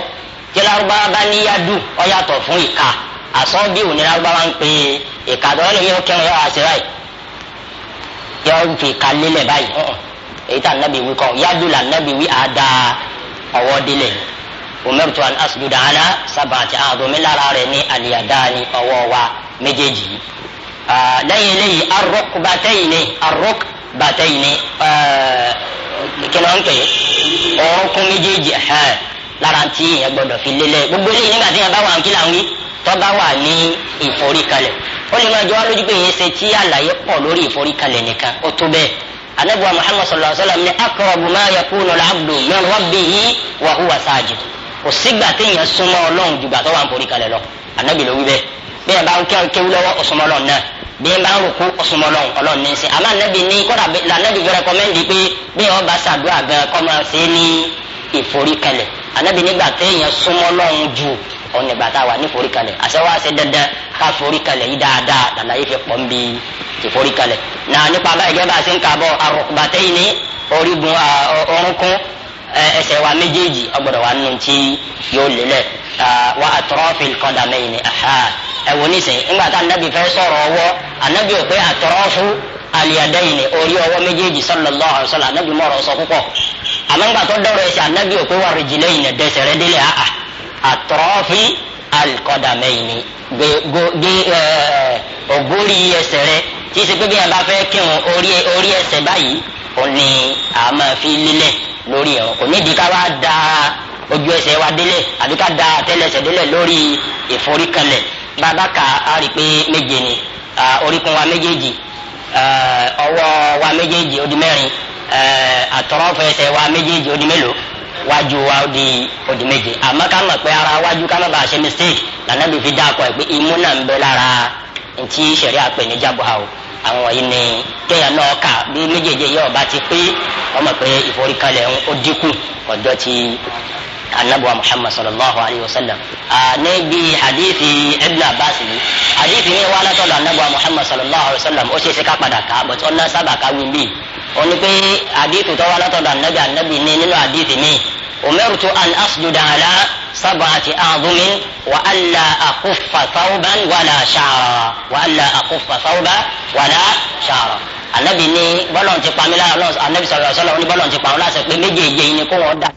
[SPEAKER 2] tí lárúbáwá bá ní yadu ó yàtọ̀ fún ìka asọ́bì ò ní lárúbáwá ń pè é ìka tó ẹlòmíì ó kẹrin yọ àṣẹ báyìí yọ fi ìka lílẹ̀ báyìí èyí tá anabi wí kọ́ yadu là anabi wí àdá ọwọ́ umirtu an asjuda ala sabati aadumi lára rẹ̀ ní aliyadani ọwọ́ wa méjèèjì lẹ́yìn eléyìí arok bàtẹ́yìn ni arok bàtẹ́yìn ni kìnnìkè orúnkún méjèèjì lára tí èèyàn gbọdọ̀ fi lélẹ̀ gbogbo eléyìí nígbà tí èèyàn bá wà ń kí là ń wí tọ́ba wà ní ìforíkalẹ̀ ó lè máa jọ wá lójú pé èèyàn ṣe tí àlàyé pọ̀ lórí ìforíkalẹ̀ nìkan ó tó bẹ́ẹ̀ anabuwa muhammad sallallahu alaihi wa sallam ni akọrọbu ma yakunu al-abdu min rabbihi wa huwa sajid kò sígbà téèyàn súnmọ́ ọlọ́run jùgbà tó wà ń forí kalẹ̀ lọ ànábì ló wí bẹ́ẹ̀ bí ẹ bá ń kéwú lọ́wọ́ ọ̀sùnmọ́ ọlọ́run náà bí ẹ bá ń rúkú ọ̀sùnmọ́ ọlọ́run ọlọ́run ní í ṣe àmọ́ ànábì ní kọ́dà ànábì fi rẹkọmẹ́ndì pé bí ẹ bá ṣàdúrà gan kọ́ máa ṣe é ní ìforí kalẹ̀ ànábì nígbà téèyàn súnmọ́ ọlọ́run jù òun nígbà tá a wà ní forí kalẹ̀ àṣewá ṣe dandan ká forí kalẹ̀ yí dáadáa làlàyé fi pọ̀ ń bi ìforí kalẹ̀ náà nípa báyìí gẹ́gẹ́ bá a ṣe ń kà bọ̀ àrùkùbàtẹ́yìn ní orígun orúnkún ẹsẹ̀ wa méjèèjì ọgbọ́dọ̀ wa nù tí yóò lélẹ̀ wa àtọ́rọ́fì kọ́dàmẹ́yìn ẹ̀wọ̀n nísìnyí ńgbà tá anabi fẹ́ sọ̀rọ̀ ọwọ́ anabi ò pé àtọ́rọ́fù aliyadayi ni orí ọwọ́ méjèèjì sallallahu alaihi wasallam anabi mọ̀rọ̀ sọ púpọ̀ àmọ́ ńgbà tó dọ̀rọ̀ ẹsẹ̀ anabi ò pé wà rìjìlẹ́yìn ẹ̀dẹ́sẹ̀ rẹ délé àà àtọ́rọ́fì alikọ́dàmẹ́yìn gbé ọgórí ẹsẹ̀ rẹ tí ì ó ní fi lílẹ̀ lórí ẹ̀rọ kò ká wá da ojú ẹsẹ̀ wa délẹ̀ àbí ká da àtẹ́lẹsẹ̀ délẹ̀ lórí ìforíkanlẹ̀ bàbá ka a rí pé méje ni wa méjèèjì ọwọ́ wa méjèèjì ó mẹ́rin àtọ̀rọ̀fọ̀ ẹsẹ̀ wa méjèèjì mélòó wájú wa di ara wájú ká má bàa ṣe mistake lànà fi dáa ẹ̀ pé imú náà ń bẹ lára ntí ha o. àwọn wọ̀nyí ni kéèyàn náà kà bí méjèèjì yóò bá ti pé ọmọ pé ìforíkalẹ̀ ń ó dínkù ọjọ́ ti anabuwa muhammad sallallahu alayhi wa sallam ní bí hadithi ibn abbas ni hadithi ni wàhálà tọ́lọ̀ anabuwa muhammad sallallahu alayhi wa sallam ó ṣe é ṣe ká padà ká bọ̀tí ọ̀nà sábà ká wí bí ó ní pé hadithi tọ́wọ́ látọ̀dọ̀ anabi anabi ni nínú hadithi mi umirtu an asjuda ala. سبعة أعظم وألا أخف ثوبا ولا شعرا وألا أخف ثوبا ولا شعرا anabi ni bọ́lọ̀ ti pa mí lára ọlọ́run anabi sọ̀rọ̀ sọ́lọ́ ní bọ́lọ̀ ti pa wọn láṣẹ pé méjèèjì ni kó wọn dà.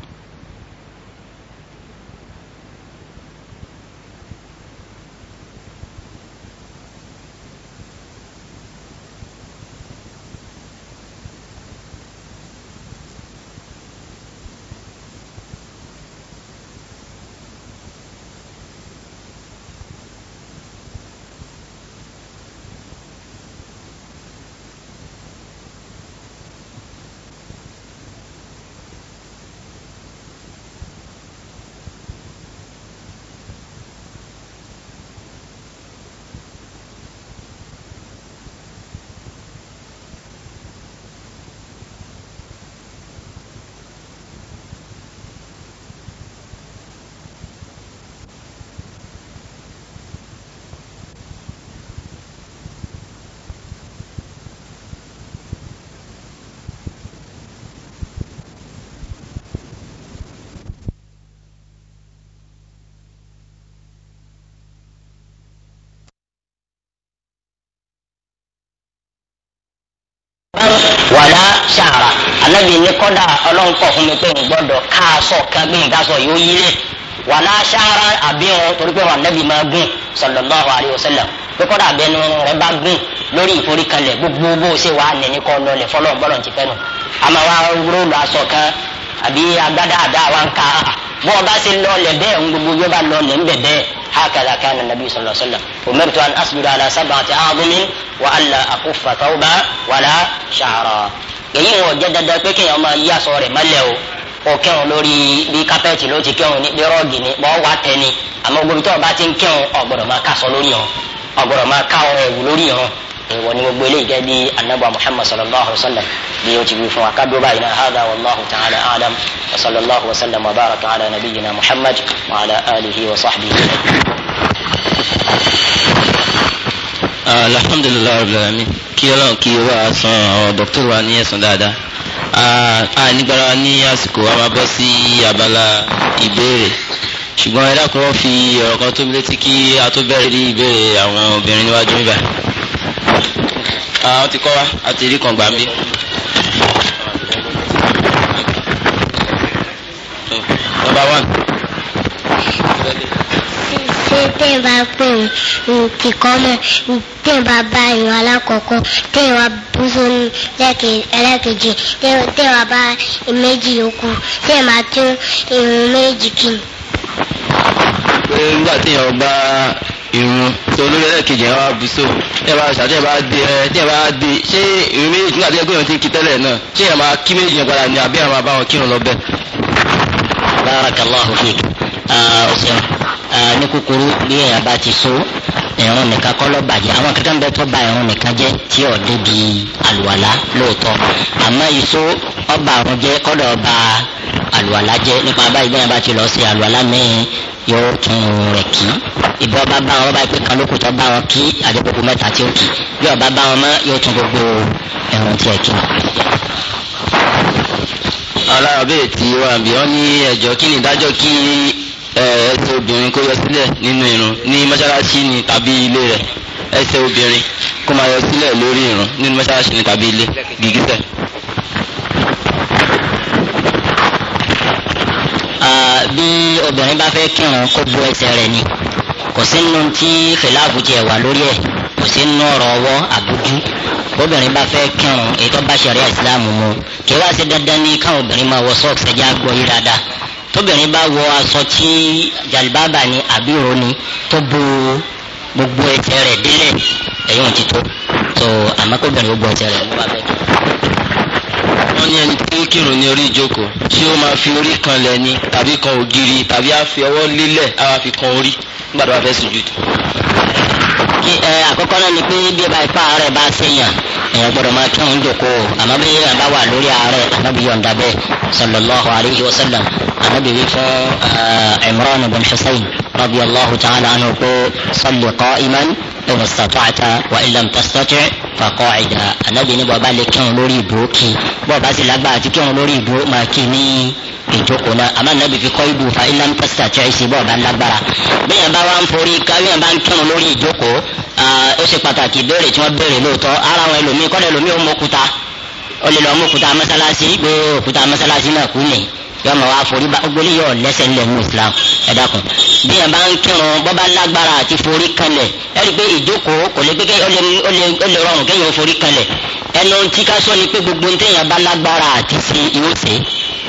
[SPEAKER 2] wàlá ṣàrà alábi ní kọ́dà ọlọ́run kọ̀ fún mi pé n gbọ́dọ̀ káàsọ̀ kan bí nǹkan sọ yóò yí rẹ̀ wàlá ṣàrà àbíhun torí pé wọn alábi máa gùn sallallahu alaihi wasallam pé kọ́dà abẹnú rẹ̀ bá gùn lórí ìforíkanlẹ̀ gbogbo bó ṣe wà á nìní kọ́ lọlẹ̀ fọlọ́n bọ́lọ̀ ti fẹ́ nu àmọ́ wa rólù aṣọ kan àbí agbádá àdá wa ń ka bọ́ ọba ṣe lọlẹ̀ bẹ́ẹ̀ ń gbogbo yóò bá lọlẹ̀ ń bẹ̀ bẹ́ẹ̀ hakala kana nabi sallallahu alaihi wasallam umirtu an asbiru ala sab'ati a'zumin wa alla akuffa thawba wala sha'ra èyí wọn jẹ́ dandan pé kéèyàn máa yí aṣọ rẹ̀ mọ́lẹ̀ o o kẹun lórí bí kápẹ́ẹ̀tì ló ti kẹun ní bí rọ́ọ̀gì ní bọ́ wà tẹ́ni àmọ́ gbogbo tí ọba ti ń kẹun ọ̀gbọ̀dọ̀ máa kásọ lórí wọn ọ̀gbọ̀dọ̀ máa ká ọ̀rọ̀ ẹ̀wù lórí wọn wọn ni gbogbo eléyìí gẹ́gẹ́ bí anabu muhammad sallallahu alayhi wa sallam bí o ti wí fún wa ká dúró báyìí náà hada wallahu ta'ala alam wa sallallahu wa sallam wa baraka ala nabiyyina muhammad wa ala alihi wa sahbihi.
[SPEAKER 1] alhamdulilayi rabbil alamin kí ọlọ́run kí wá san àwọn dọ́kítọ̀rù wa ní ẹ̀sán dáadáa a ní àsìkò a máa bọ́ sí abala ìbéèrè ṣùgbọ́n ẹ dákun wọ́n fi ọ̀rọ̀ kan tó mi létí kí a tó bẹ̀rẹ̀ rí ìbéèrè àwọn obìnrin níwájú níbà ọ ah, ti kọ́ wa àti rí kọ̀ǹgbà mi. number one.
[SPEAKER 2] tẹ́ ẹ bá pè kí kọ́ mọ̀ tẹ́ ẹ bá bá ìran alákọ̀ọ́kọ́ tẹ́ ẹ wá bú sómi ẹlẹ́kejì tẹ́ ẹ wá bá méjì yòókù tẹ́ ẹ máa tún ìrun méjì kí.
[SPEAKER 1] pé nígbà tí èèyàn bá irun olórí ẹlẹ́kejì yẹn wá bu so ẹ bá ṣàtẹ́ bá dé ẹ tẹ́ bá dé ṣé irun méjì nígbà tí ẹgbẹ́ yẹn ti ń kí tẹ́lẹ̀ náà ṣé ẹ máa kí méjì yẹn padà ní àbí ẹ máa bá wọn kírun lọ bẹ́ẹ̀.
[SPEAKER 2] barakallahu fik ọsàn ní kúkúrú bí èèyàn bá ti so ìrun nìkan kọ́ ló àwọn kankan bẹ tó ba ìrun nìkan jẹ́ tí ò débi àlùwàlá lóòótọ́ àmọ́ ìso ọba àrùn jẹ́ kọ́dọ̀ ọba àlùwàlá jẹ́ nípa báyìí bí bá ti lọ sí àlùwàlá mẹ́rin yóò tún irun rẹ̀ kí ibi ọba bá wọn báyìí pé kan ló kù tó bá wọn kí àdébòkú mẹ́ta tí ó kì bí ọba bá wọn mọ́ yóò tún gbogbo ẹ̀rùn tiẹ̀ kí.
[SPEAKER 1] aláàbẹ̀ tí wà bí wọ́n ní ẹ̀jọ́ kí ni ìdájọ́ kí ẹsẹ̀ obìnrin kó yọ sílẹ̀ nínú irun ní mọ́ṣáláṣí ni tàbí ilé rẹ̀ ẹsẹ̀ obìnrin kó máa yọ sílẹ̀ lórí irun nínú mọ́ṣáláṣí ni tàbí ilé gìgísẹ̀.
[SPEAKER 2] bí obìnrin bá fẹ́ kírun kó bu ẹsẹ̀ rẹ̀ ni kò sí nínú tí fìlàbù jẹ wà lórí ẹ̀ kò sí nínú ọ̀rọ̀ ọwọ́ àbújú obìnrin bá fẹ́ kírun èyí tó ìsìlámù mu kì í wá sí dandan ní káwọn obìnrin máa wọ sọ́ọ̀kì ẹja gbọ́ yí dáadáa tóbìnrin bá wọ aṣọ tí jàlibábà ni àbí ìrònú tó bo gbogbo ẹsẹ̀ rẹ̀ délẹ̀ ẹ̀yìn òtítọ́ tó àmọ́ kóbìnrin ó gbọ́ ẹsẹ̀ rẹ̀ ló bá fẹ́ kírun
[SPEAKER 1] wọ́n ní ẹni tí ó kírun ní orí ìjókòó ṣé ó máa fi orí kan lẹ̀ ni tàbí kan ògiri tàbí á fi ọwọ́
[SPEAKER 2] lélẹ̀ á wá fi kan orí nígbà tó bá fẹ́ sùjúdù. àkọ́kọ́ náà ni pé bí ẹba ìfá rẹ̀ bá ṣèyàn èèyàn gbọ́dọ̀ máa kírun jókòó àmọ́ bí èèyàn bá wà lórí àárẹ̀ ànábì yọ̀ǹda bẹ́ẹ̀ sallallahu alayhi wa sallam ànábì wí fún Imran ibn Husayn radiyallahu ta'ala anhu pé salli qa'iman in istata'ta wa in lam tastati' fa qa'ida ànábì ní bọ́ọ̀bá lè kírun lórí ìdúró kí bọ́ọ̀bá sì lágbára ti kírun lórí ìdúró máa kí ní ìjókòó náà àmọ́ ànábì fi kọ́ ìdù fa in lam tastati' sí bọ́ọ̀bá lágbára bí yẹn bá wà ń forí ká bí yẹn bá ń kírun lórí ìjókòó ó ṣe pàtàkì ìbéèrè tí wọ́n béèrè lóòótọ́ ara wọn ẹlòmíì kọ́ ẹlòmíì ó mọ́kúta ó bí yẹn bá ń kírun bọ́ba lágbára àti forí kanlẹ̀ ẹ rí i pé ìjókòó kò lè pé ó lè ó lè rọrùn kéèyàn forí kanlẹ̀ ẹnu tí ká sọ ni pé gbogbo ní téèyàn bá lágbára àti ṣe yóò ṣe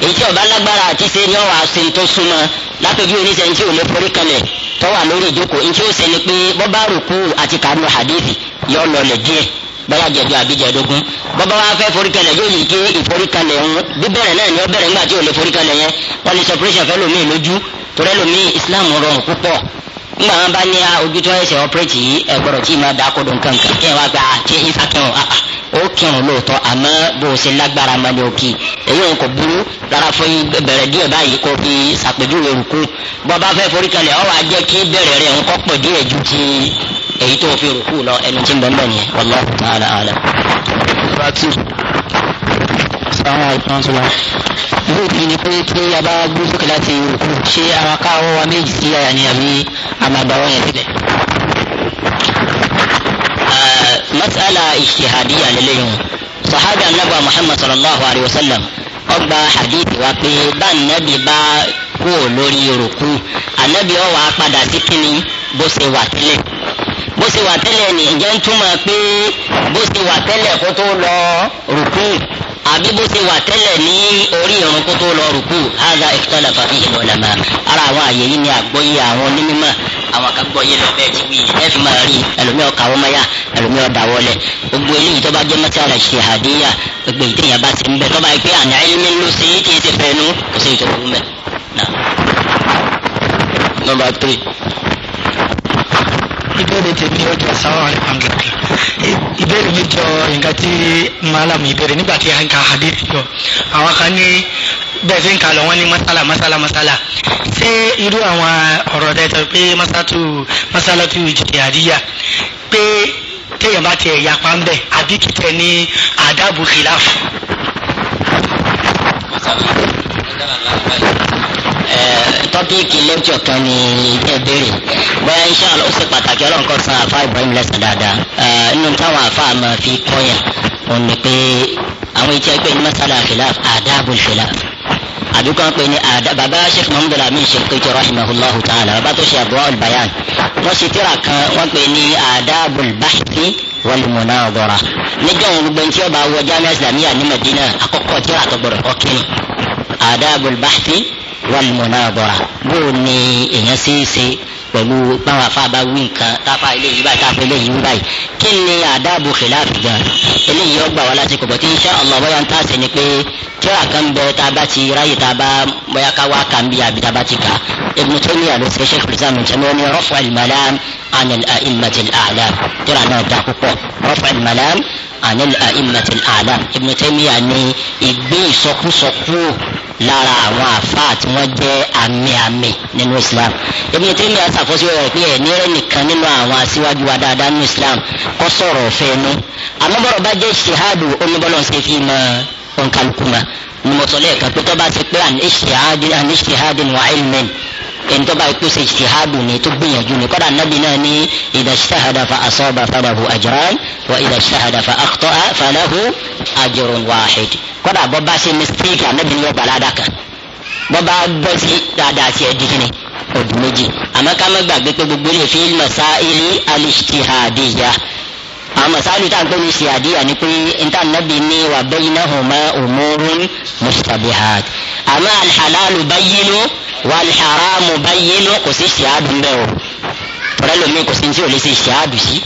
[SPEAKER 2] èyí tí ọba lágbára àti ṣe ni ọwọ́ àṣẹ tó súnmọ́ lápẹ̀bí oníṣẹ́ ní tí ò lè forí kanlẹ̀ tó wà lórí ìjókòó ní tí ó ṣe ni pé bọ́ba rùkú àti kàánú hadithi yọ lọlẹ̀ díẹ̀ bọ́lá jẹ̀dú àbíjẹ̀dógún bọ́bá wa fẹ́ foríkalẹ̀ yóò yìí ké ìforíkalẹ̀ ń bíbẹ̀rẹ̀ náà ni ó bẹ̀rẹ̀ nígbà tí ò lè foríkalẹ̀ yẹn wọ́n lè sọ pé ṣàfẹ́ lómi lójú torí ẹlòmíì islam rọrùn púpọ̀ nígbà wọn bá ní ah, ojú tí wọn ṣe ọpẹrẹtì yìí ẹ gbọ́dọ̀ tí ma da kodo nǹkan kan kí ẹ wá gba àti ifá kírun ah, ah. ó kírun lóòótọ́ àmọ́ bó o ṣe lágbára máa ní òkì èyí òun kò burú rárá fún bẹ̀rẹ̀ díẹ̀ báyìí kó fi ṣàpèjúwe rúkú bó bá fẹ́ forí kalẹ̀ ọ wàá kí bẹ̀rẹ̀ rẹ̀ ńkọ́ pọ̀ díẹ̀ ju ti èyí tó fi rúkú lọ ẹni tí ń bẹ ń bẹ nìyẹn sàmà ìfọ̀nsọ̀lá ìwé ìdí ni pé tí a bá gbé sókè láti òkú ṣé àwọn káwọ́ wa méjì sí àyà ni àbí àmàgbàwọ̀ yẹn sílẹ̀. masala ìṣèhàdíyà lélẹ́yìn sahaba anagba muhammad sallallahu alayhi wa sallam ọgbà hadithi wa pé bá nàbì bá kú lórí òrùkú ànábì ó wá padà sí kíni bó ṣe wà tẹ́lẹ̀ bó ṣe wà tẹ́lẹ̀ ní túmọ̀ pé bó ṣe wà tẹ́lẹ̀ kó tó lọ rùkú àbí bó ṣe wà tẹ́lẹ̀ ní orí irun kó tó lọ rùkú haza ikhtalafa fihi ulama ara àwọn àyè yìí ni àgbọ́yé àwọn onímọ̀ àwọn àkàgbọ́yé lọ bẹ́ẹ̀ ti wí ẹ fi máa rí ẹlòmíọ̀ káwọ́ máyà ẹlòmíọ̀ dáwọ́lé gbogbo eléyìí tó bá jẹ́ mọ́tàlá ṣe àdéhà gbogbo ìdíyàn bá ti ń bẹ tó bá yẹ pé àná ilmi ló ṣe é kí ẹ ti fẹ́ nu
[SPEAKER 1] kò ìbéèrè tèmi ọjọ́ sáwọn alhamdulilayi ìbéèrè mi jọ nǹkan tí malamu ìbéèrè nígbà tí a ń ka hadith jọ àwọn kan ní bẹ́ẹ̀ fi ń ka lọ wọ́n ní masala masala masala ṣé irú àwọn ọ̀rọ̀ dẹ́ tọ́ pé masalatu masalatu jìyàdíyà pé téèyàn bá tiẹ̀ yapa ń bẹ̀ àbí kìtẹ̀ ní àdábù kìláfù. masala
[SPEAKER 2] ọ̀dọ́ àlàáfíà yìí. Eh, tọ́píìkì lẹ́kítọ̀ kan ní ilé ìbéèrè bóyá iṣẹ́ àlọ́ ṣe pàtàkì ọlọ́run kọ́ san àfa Ibrahim lẹ́sẹ̀ dáadáa inú eh, táwọn àfa máa fi kọ́yà wọn ni pé àwọn ìjẹ́ pé ní masala khilaf àdáàbò khilaf àbíkú wọn pè ní bàbá Sheikh Muhammad Al-Amin Sheikh Kejì rahimahullahu ta'ala bàbá tó ṣe àbúrò al-bayan wọ́n ṣe tíra kan wọ́n pè ní àdáàbò bahthi wal munadara nígbà wọn gbogbo tí ọba wọ jamiu islamiyya ní Madina àkọ́kọ́ tíra àtọ́gbọ̀rọ̀ ọ̀kìn àdáàbò bahthi wal-munadara bóò ni èèyàn ṣe é ṣe pẹ̀lú báwa fa bá wí nǹkan táfa eléyìí báyìí táfa eléyìí wí báyìí kí ni àdáàbò khilafi gan eléyìí ọgbà wà láti kò bọ̀ tí insha Allah bóyá ń tàṣe ni pé tíra kan bẹ tá a bá ti ráyè tá a bá bóyá ká wá kàn bí àbí tá a bá ti kà Ibn Taymiyyah ló ṣe Shaykhul Islam Ibn ní rafu al-malam عن الأئمة الأعلام ترى أنا داكوكو رفع الملام عن الأئمة الأعلام ابن تيمية أني إبي سوكو سوكو lára àwọn àfáà tí wọ́n jẹ́ àmì àmì nínú islam Ibn Taymiyyah àṣàkóso rẹ̀ pé ẹ̀ nírẹ́ nìkan nínú àwọn aṣíwájú wa dáadáa nínú islam kọ́ sọ̀rọ̀ ọ̀fẹ́ ní amọ́bọ̀rọ̀ bá jẹ́ ṣèhádù oníbọ́lọ̀ ṣe fi mọ òǹkàlùkùmá ni mo sọ lẹ́ẹ̀kan pé tó bá ti pé àníṣèhádì wa ilmin ẹnitọba ìpèsè ìṣtihadu ni tó gbìyànjú ni kódà nàbì náà ní ìdàṣítàhàdà fa asaba falahu ajran wa ìdàṣítàhàdà fa akhta'a falahu ajrun wahid kódà bọ́ bá ṣe mistake ànábì ní ọgbà ládàkà bọ́ bá bọ́ sí dáadáa sí ẹdí kíni ọdún méjì àmọ́ ká má gbàgbé pé gbogbo ilé fi masaili al-ijtihadiyya àwọn masáàlì tá à ń pè ní ṣìyàdíyà ni pé níta nàbì ní wà baynahuma umurun mushtabihat àmọ́ al-halalu bayyinu wàlhàràmù báyìí ló kò sí ṣíàdù ń bẹ̀ o tọ́lá lomi kò sí ní tí o lè ṣe ṣíàdù sí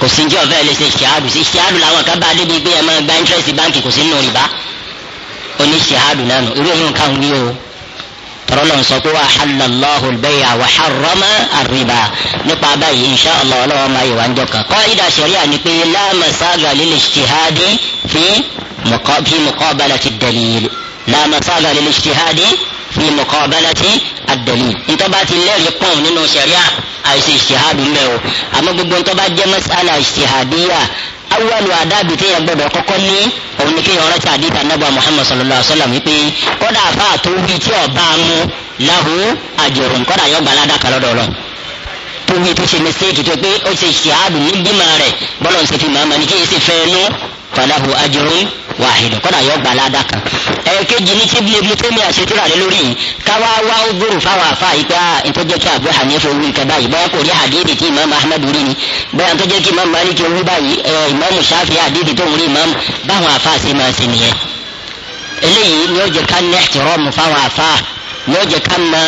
[SPEAKER 2] kò sí ní tí o fẹ́ lè ṣe ṣíàdù sí ṣíàdù làwọn kan bá dé bíi pé ẹ máa gba interest báńkì kò sí nù rìbá ó ní ṣíàdù náà nù irú òun kan wí o tọ́lá sọ pé wà hàlàláhu bẹ́yà wà hàrọ́mà àrìbá nípa báyìí insha Allah ọlọ́wọ́ máa yẹ wá ń jọ kọ́ ìdá ṣẹ̀ríà ni pé láàmásàgà lílẹ̀ ṣíhádì fi mọ̀kọ́ fi mọ̀kọ́ balẹ̀ ti dalil láàmásàgà lílẹ̀ ṣíhádì fi muqabalati ad-dalil ntọ́ba ti lẹ́rìí pọ̀n nínú sẹ̀ríà àìsí ìṣèhádù ńbẹ o àmọ́ gbogbo ntọ́ba jẹ́ mas'ala ìṣèhádìyà awalu adabi tí yẹn gbọ́dọ̀ kọ́kọ́ ní òun ni kéèyàn rántí àdìtà nàbà muhammad sallallahu alaihi wa sallam wípé kódà àfa àtòwí tí ọba mu lahu ajrun kódà yọ gbalada kan lọ́dọ̀ Ọlọ́run tóbi tó ṣe mistake tó pé ó ṣe ṣe àdùn ní bímọ rẹ bọlọ ń ṣe fi màmá ní kí ẹ ṣe fẹ́ ẹnu falahu ajrun wàhídà kọ́dà yọ gbà ládà kan. ẹ̀ẹ́kejì ní tí bíi ebile tẹ́lẹ̀ àṣetúrà lé lórí yìí káwá wá ó gbòòrò fáwọn àfa yìí pé ah, ntọ́jẹ́ kí Abu Hanifa owó nǹkan báyìí bóyá kò rí hadithi tí Imam Ahmad rí ni bóyá ntọ́jẹ́ kí Imam Malik owó báyìí ẹ̀ Imam Shafi hadithi tó ń rí Imam báwọn àfa ṣe máa ṣe nìyẹn. eléyìí ni ó jẹ ká ní ẹ̀tìrọ́mù fáwọn àfa ni ó jẹ ká mọ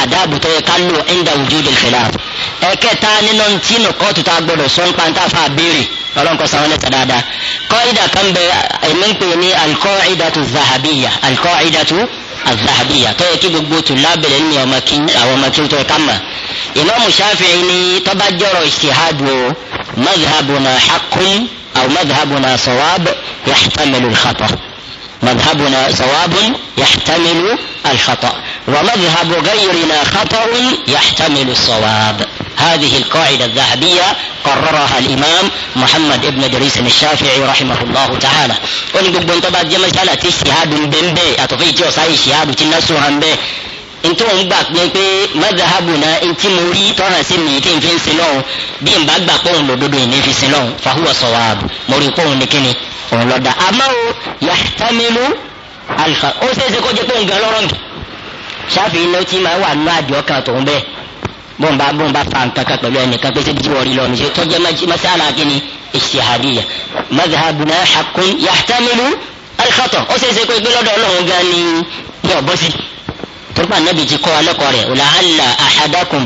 [SPEAKER 2] àdáàbò yẹ ká lò ẹ̀ńdà wujudil khilaf ẹ̀kẹta nínú tí nìkan tó ta ń pa béèrè ọlọ́run kọ́ san wọ́n lẹ́tà dáadáa kọ́ìdà kan bẹ ẹ̀mí ń pè ní alkọ́ìdàtú zahabiya alkọ́ìdàtú azahabiya tó yẹ kí gbogbo tù lábẹ̀rẹ̀ ní ọmọ kí àwọn ọmọ kí tó yẹ ká mà ìmáàmù Ṣáfi'í ni tọ́ba jọ̀rọ̀ ìṣèhádù o madhabuna haqqun aw madhabuna sawab yahtamilu al-khata madhabuna sawabun yahtamilu al-khata wa madhabu ghayrina khata'un yahtamilu as-sawab. هذه القاعدة الذهبية قررها الإمام محمد ابن دريس الشافعي رحمه الله تعالى أن يقول طبعا دي مسألة اجتهاد بمبي أتفي جو ساي اجتهاد تنسو هم بي ntọ́ ń gbà pé pé mọ́tàhábù náà ntí mo rí tọ́hàn sí mi tí n fi ń sin lọ́hùn bí n bá gbà pé òun lòdodo ìní fi sin lọ́hùn fàhùwà sọ̀wáàbù mo rí pé òun ní kíni òun lọ́dà àmọ́ o yàtàmílù alfa ó ṣeéṣe kó jẹ́ pé òun gan lọ́rọ̀ mi ṣáfì iná tí máa wà nínú àdìọ́ kan tòun bẹ́ẹ̀ bọ́nba bọ́nba fa nǹkan kan pẹ̀lú ẹnìkan pé síbi tí wọ́n rí lọ́nu ṣe tọ́jẹ́ masala kìíní ìṣèhàdìyà mazhabuna haqqun yahtamilu al-khata ó ṣeé ṣe pé pé lọ́dọ̀ ọlọ́run gan ni ní ọ̀bọ sí. turba nabi ti kọ́ alẹ́kọ̀ọ́ rẹ̀ la'alla ahadakum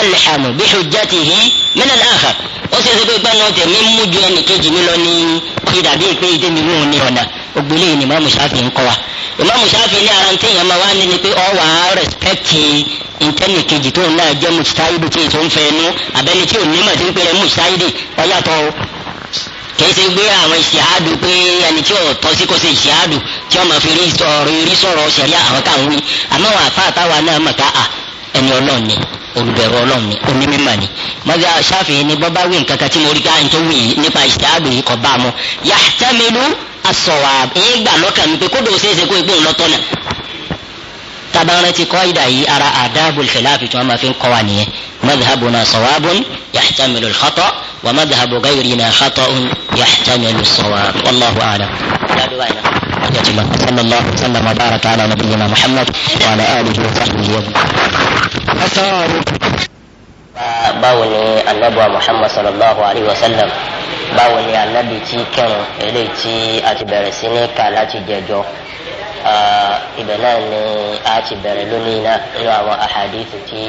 [SPEAKER 2] alhamu bi hujjatihi min al-akhar ó ṣeé ṣe pé pé náà tẹ̀mí mú ju ẹnìkejì mi lọ ní ìdàbí ìpè ìdẹ́mi wò ní ọ̀nà gbogbo eléyìí ni ìmáàmù Ṣáfi'í ń kọ́ wa ìmáàmù Ṣáfi'í ní ara tí ìyàmá wa ni pé ọ wà á rẹ̀spẹ̀tì ìtẹ́nì kejì tóun náà jẹ́ mùsítáìdì tí ètò ń fẹ́ ẹnu àbẹ́ni tí òun nímọ̀ tí ń pèrè mùsítáìdì ọ̀yàtọ̀ o kìí ṣe gbé àwọn ìṣíàdù pé ẹni tí ò tọ́ sí kó ṣe ìṣíàdù tí wọ́n máa fi rí sọ̀rọ̀ ṣẹ̀lẹ̀ àwọn táwọn wí àmọ́ àwọn àfáà táwa náà mọ̀ olùbẹ̀rọ ọlọ́run ni onímọ̀ ni mọ́tò ṣáfìhì ni bọ́bá wí nǹkan kan tí mo rí ká ní tó wù yìí nípa ìṣàbù yìí kọ́ bá a mọ́ yahtamilu as-sawab èyí gbà lọ́kàn mi pé kódò ó ṣeéṣe kó egbò ńlọ́tọ́ náà tabaara ti kọ́ ìdá yìí ara àdáàbùl khilaafi tí wọ́n máa fi ń kọ́ wa nìyẹn madhabuna sawabun yahtamilu al-khata wa madhabu ghayrina khata'un yahtamilu as-sawab wallahu a'lam. بحجة الله صلى الله وسلم وبارك على نبينا محمد وعلى آله وصحبه أجمعين. báwo ni anabuwa muhammad sallallahu alayhi wa sallam báwo ni anabi tí kẹrùn eléyìí tí a ti bẹ̀rẹ̀ sí ní ká láti jẹjọ ibẹ̀ náà ni a ti bẹ̀rẹ̀ lónìí náà nínú àwọn ahadithu tí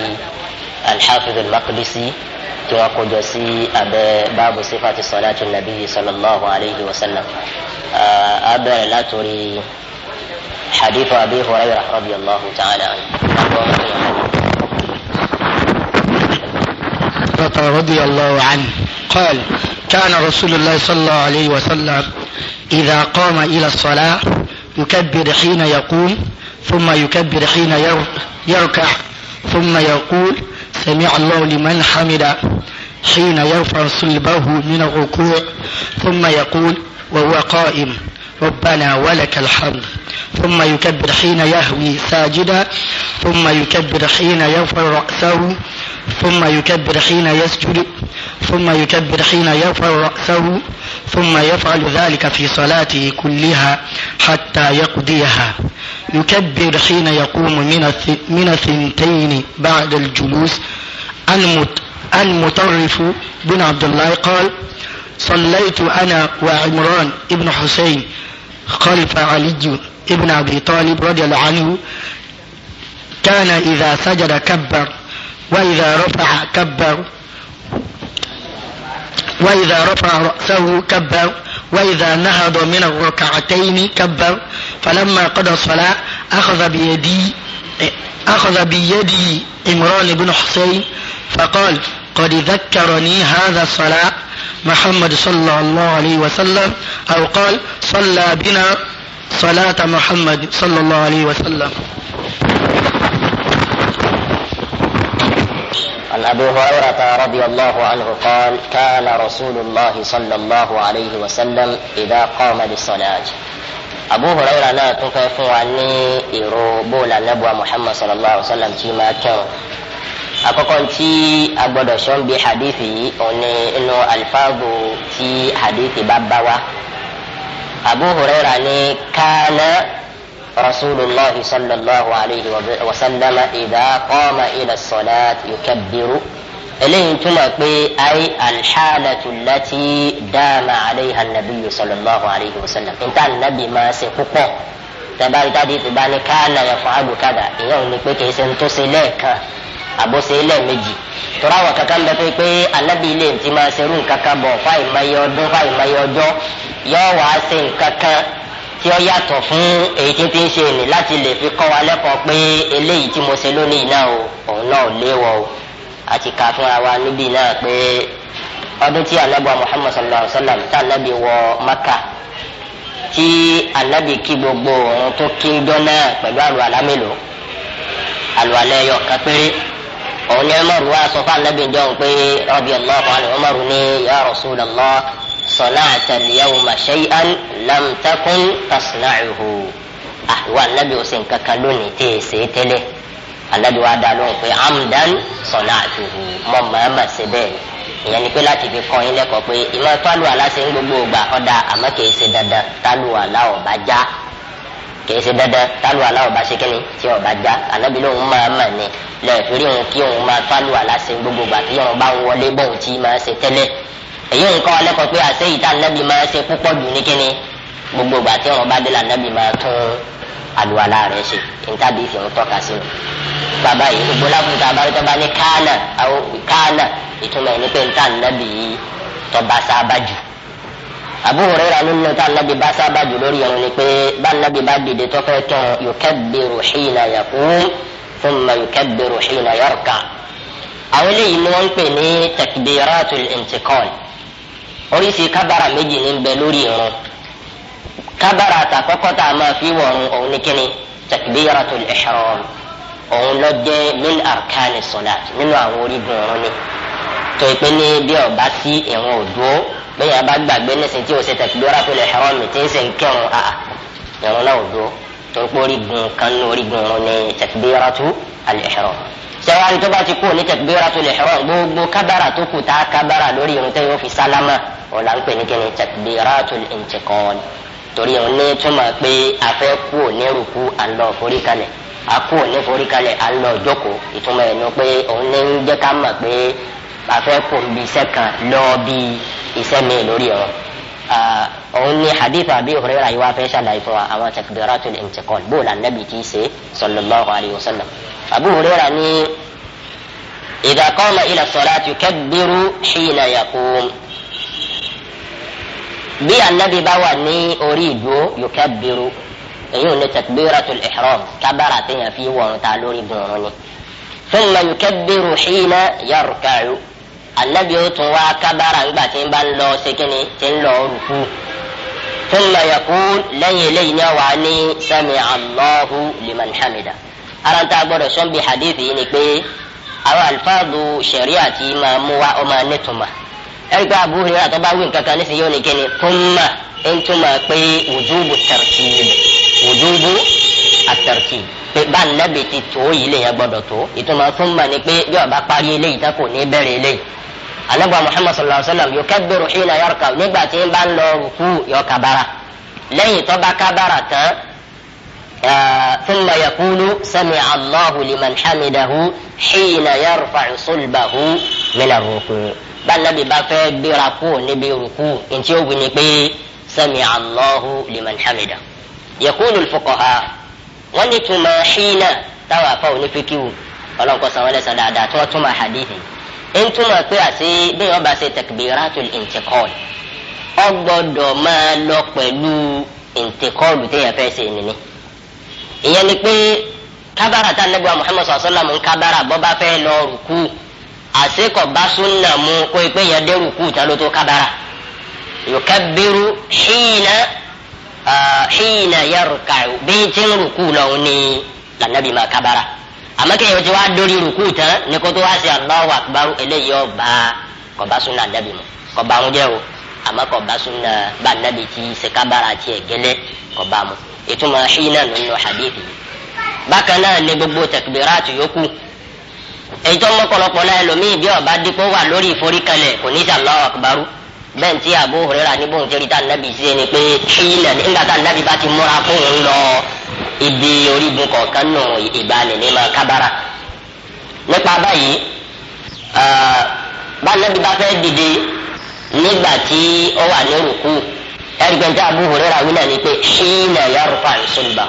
[SPEAKER 2] alḥafiz maqdisi tó kó jọ sí abẹ́ báàbù sífàtì sọláàtì nàbí sallallahu alayhi wa sallam a bẹ̀rẹ̀ látòrí hadith abi hurairah radiyallahu ta'ala
[SPEAKER 1] رضي الله عنه قال كان رسول الله صلى الله عليه وسلم إذا قام إلى الصلاة يكبر حين يقوم ثم يكبر حين يركع ثم يقول سمع الله لمن حمد حين يرفع صلبه من الركوع ثم يقول وهو قائم ربنا ولك الحمد ثم يكبر حين يهوي ساجدا ثم يكبر حين يرفع رأسه ثم يكبر حين يسجد ثم يكبر حين يرفع رأسه ثم يفعل ذلك في صلاته كلها حتى يقضيها يكبر حين يقوم من من الثنتين بعد الجلوس المطرف بن عبد الله قال صليت أنا وعمران بن حسين خلف علي بن أبي طالب رضي الله عنه كان إذا سجد كبر وإذا رفع كبر وإذا رفع رأسه كبر وإذا نهض من الركعتين كبر فلما قضى الصلاة أخذ بيدي أخذ بيدي إمران بن حسين فقال قد ذكرني هذا الصلاة محمد صلى الله عليه وسلم أو قال صلى بنا صلاة محمد صلى الله عليه وسلم
[SPEAKER 2] أبو هريرة رضي الله عنه قال كان رسول الله صلى الله عليه وسلم إذا قام للصلاة Abu Hurairah náà tún fẹ́ fún wa ní ìró bóòlà nẹ́bùà Muhammad sallallahu alayhi wa sallam tí máa kẹ́hùn. Àkọ́kọ́ tí a gbọ́dọ̀ sọ́n bí hadithi yìí òun ni inú alifáàgò tí hadithi bá bá wa. Abu Hurairah ní kánà رسول الله صلى الله عليه وسلم إذا قام إلى الصلاة يكبر إليه تما أي الحالة التي دام عليها النبي صلى الله عليه وسلم إنت النبي ما سيقوق تبارك تادي تبارك كان يفعل كذا إياه نكوي كيسن تسليك àbò ṣe lẹ́ẹ̀mejì tọ́ra àwọn kankan bẹ pé pé anábì ilé ti máa ṣerú nǹkan kan bọ̀ fáìmáyé ọdún tí ó yàtọ̀ fún èyí tí fi ń ṣe èlé láti lè fi kọ́ wa lẹ́kọ̀ọ́ pé eléyìí tí mo ṣe lónìí náà o òun náà ò léwọ̀ o àti kà fúnra wa níbí náà pé ọdún tí sallallahu alaihi wa sallam tá wọ maka tí anabi kí gbogbo òun tó kí ń dán náà pẹ̀lú àlùwàlá mélòó àlùwàlá ẹyọ kan òun ní wa sọ fún pé صنعت اليوم شيئا لم تكن تصنعه àwọn anabi ọsẹ nkankan lónìí tẹ ẹ ṣe tẹ́lẹ̀ anabi wa dá lóhùn pé amdan sọnà àtúhù mọ màmá ṣe bẹ́ẹ̀ ìyẹn ni pé láti fi kọ́ yín lẹ́kọ̀ọ́ pé ìmọ̀ tálù aláṣẹ ń gbogbo ògbà ọ̀dà àmọ́ kìí ṣe dandan tálù àlá ọ̀bá já kìí ṣe dandan tálù àlá ọ̀bá ṣe kíni tí ọ̀bá já anabi lóhùn màmá ni lẹ́ẹ̀fì rí òun kí òun máa tálù aláṣẹ ń gbogbo ògbà tí òun bá ń wọlé bóun tí máa ṣe tẹ́lẹ̀ èyí ń kọ́ alẹ́ kọ́ pé àṣẹ ìta nàbì máa ṣe púpọ̀ jù ní kíni gbogbo ìgbà tí wọn bá dé la nàbì máa tún àlùwàlá rẹ̀ ṣe níta bí fi ń tọ́ka sí i bàbá yìí gbogbo lákùúta abáwítọ́ bá ní káànà àwọn ìtumọ̀ ẹ̀ ní pé níta nàbì yìí tọ́ bá sábà jù Abu Hurairah nínú tá bá sábà lórí ẹ̀rọ ni pé bá nàbì bá dìde tọ́fẹ́ tán yukabbiru hina yaqum thumma yukabbiru hina yarka àwọn eléyìí ni wọ́n ń pè ní takbiratul intiqal oríṣi kábàrà méjì ní bẹ lórí irun kábàrà àtàkọ́kọ́ tá a máa fi wọ̀run òun ní kíni takbiratul ihram òun lọ jẹ́ min arkani salat nínú àwọn orígun irun ni tó ìpè ní bí ọba sí irun òdúró bẹ́ẹ̀ bá gbàgbé nísìnyí tí o ṣe takbiratul ihram tí ń ṣe ń kírun àà náà òdúró tó ń pọ́ orígun kan ní orígun irun ní takbiratul ihram tẹ́wá ní tó bá ti kú ní takbiratul ihram gbogbo kábàrà tó kù tá a kábàrà lórí irun tẹ́ yóò fi sálámà ọ̀ là ń pè ní kíni takbiratul intiqal torí òun ní túmọ̀ pé a fẹ́ kú ní rúkú à ń lọ forí kalẹ̀ a kú ní forí kalẹ̀ à ń lọ jókòó ìtumọ̀ ẹ̀ ní pé òun ní ń jẹ́ ká mọ̀ pé a fẹ́ kú bí iṣẹ́ kan lọ bí iṣẹ́ mi lórí ọ̀rọ̀ òun ní hadith Abi Hurairah yìí wá fẹ́ ṣàlàyé fún wa àwọn takbiratul intiqal bóòlù anabi Abu Hurairah ní idha qama ila salati yukabbiru hina yaqum bí anabi bá wà ní orí ìdúró yukabbiru èyí ò ní takbiratul ihram kábàrà téèyàn fi wọ̀rùn ta lórí gbọ̀rùn ni. thumma yukabbiru hina yarka'u anabi ó tún wá kábàrà ńgbà tí ń bá ń lọ sékìní tí ń lọ rúkú. thumma yaqul lẹ́yìn eléyìí ni wàá ní sami'a Allahu liman hamida. ara ń tá a gbọ́dọ̀ hadith yi ni pe àwọn alifáàdù sẹ̀ríà ti máa mú wa ọmọ anẹ́tùmá ẹ̀ríkà Abu Hurairah tó ba wí nǹkan kan nísìnyí ó ní kíni kúnmà ń wujubu tartib wujubu at-tartib pé bá ti tó yìí lè yẹn gbọ́dọ̀ ni ọba parí eléyìí tá kò ní bẹ̀rẹ̀ anagba Muhammad sallallahu alaihi wa sallam yukabbiru hina lọ yọ kabara lẹ́yìn ثم يقول سمع الله لمن حمده حين يرفع صلبه من الركوع bánàbí bá fẹ́ gbéra kú níbi rúkú ntí ó wí ni pé sami allahu liman hamida yakulu fukaha wọn ni tuma xiina táwa afa òní fikiru ọlọ́nkọ́ sanwó lẹ́sẹ̀ dáadáa tó tuma hadithi ntuma pé àti bẹ́ẹ̀ ọba ṣe takbiratul intikọ́l ọgbọ́dọ̀ máa lọ pẹ̀lú intikọ́l téèyàn fẹ́ ṣe nìyí ìyẹn ni pé kábàrà tá nàbí wa muhammad sallam ń kábàrà bọ́bá fẹ́ lọ rùkú àsekọ̀ bá súnà mu kó ipé yẹn dé rùkú tán ló tó kábàrà yòókàbírú hìnà hìnà yàrùkà bíi tí ń rùkú lọ́hùn ní lànàbí ma kábàrà àmọ́ kí ẹ̀yọ́ ti wá dórí rùkú tán ni kó tó wá sí aláwọ̀ àkùbárù eléyìí ọba kọ̀bá súnà nàbí mu kọ̀bá ń jẹ́ o. àmọ́ kò bá súnà bá nàbì tí sèkábàrà tiẹ̀ gẹ́lẹ́ kò bá mu ìtumọ̀ hínà nínú hadithi bákan náà ni gbogbo takbiratu yòókù náà bí ọba dípò wà lórí ìforíkalẹ̀ kò ní Allahu akbaru bẹ́ẹ̀ tí Abu Huraira ní bóun tá nàbì sí ẹni pé tá nàbì bá ti múra fún òun lọ ibi orígun nù ní ma kábàrà nígbà tí ó wà ní rúkú ẹ̀rígbẹ́ tí Abu Hurairah wí náà ni pé ṣíìnà yarfa ìṣúlùbà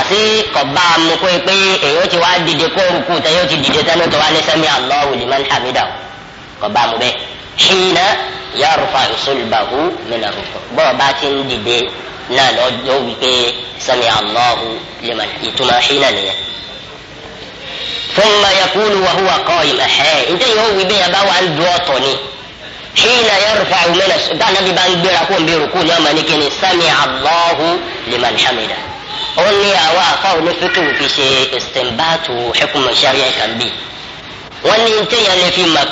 [SPEAKER 2] àti kọ̀bá amukó pé èyí ó ti wá dìde kó rúkú tẹ́ yóò ti dìde tẹ́lẹ̀ tó wá ní sami Allahu liman hamidahu kọ̀bá amu bẹ́ẹ̀ ṣíìnà yarfa ìṣúlùbà hu mina rúkú bọ́ọ̀ bá ti ń dìde náà lọ́jọ́ wípé sami Allahu liman ìtumọ̀ ṣíìnà nìyẹn fún ma yakulu wa huwa qaim ǹjẹ́ yóò wí bẹ́ẹ̀ bá wà ń du ọ̀tọ̀ ni. ya يرفع من السجدة النبي بان بيرا كون بيرو كون يوم sami سمع الله liman hamida. ó ní àwa àfáwọn onífíkìwò fi se ìsìnbáàtù hukumu sharia kan bi wani ní téèyàn lè fi mọ̀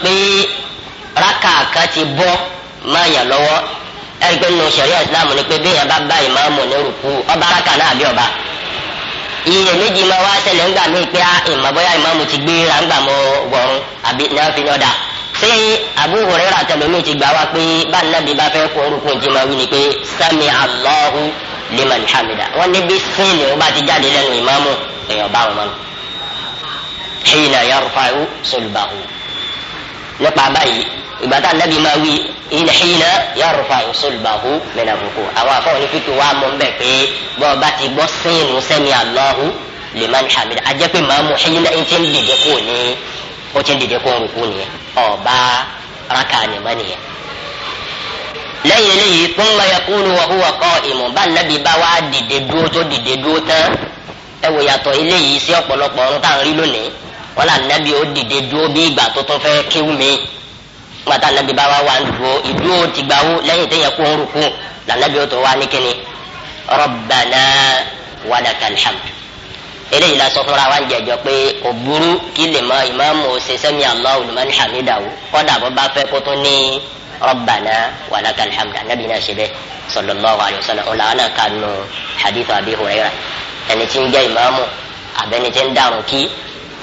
[SPEAKER 2] pé ti bọ́ máa yàn lọ́wọ́ ẹ̀rí pé sharia islam ni pé béèyàn bá bá ìmáàmù ní rúkú ọba iye ti fi ṣé Abu Hurairah àtẹlómi ti gbà wá pé bá nàbí bá fẹ́ kó orúkọ ìdí máa wí ni pé sami Allahu liman hamida wọn níbi sínú ọba ti jáde lẹ́nu ìmáàmù èèyàn bá wọn mọnu hina yarfa'u sulbahu nípa báyìí ìgbà tá nàbí máa wí hina yarfa'u sulbahu min ar-ruku' àwọn afọwọ́n ní fífi wá mọ́ bẹ́ẹ̀ pé bọ́ọ̀ba ti gbọ́ sínú sami Allahu liman hamida ajẹ́ pé màmú hina ń ti ń dìde kúrò ní ó tún dìde kó rúkú nìyẹn ọba raka nìmọ nìyẹn lẹ́yìn eléyìí fún mayakulu wahuwa qa'imun bá nàbí bá wá dìde dúró tó dìde dúró tán ẹ wò yàtọ̀ eléyìí sí ọ̀pọ̀lọpọ̀ ọ̀run tá à ń rí lónìí wọn là nàbí ó dìde dúró bí ìgbà tó tún fẹ́ kíw mi gbàtà nàbí bá wá wà dúró ìdúró ti gbà wó lẹ́yìn téèyàn kó rúkú là nàbí ó tó wá ní kíni rabbana walakal eléyìí la sọ fúnra wa ń jẹjọ pé kò burú kí lè mọ ìmáàmù òṣìṣẹ́mi Allahu liman hamidahu kọ́dà bó bá fẹ́ kó tún ní rabbana walakal hamd anábì náà ṣe bẹ́ẹ̀ sallallahu alaihi wasallam ọ̀là wọn náà kà nù hadith Abi Huraira ẹni tí ń jẹ́ ìmáàmù àbẹ́ni tí ń dàrún kí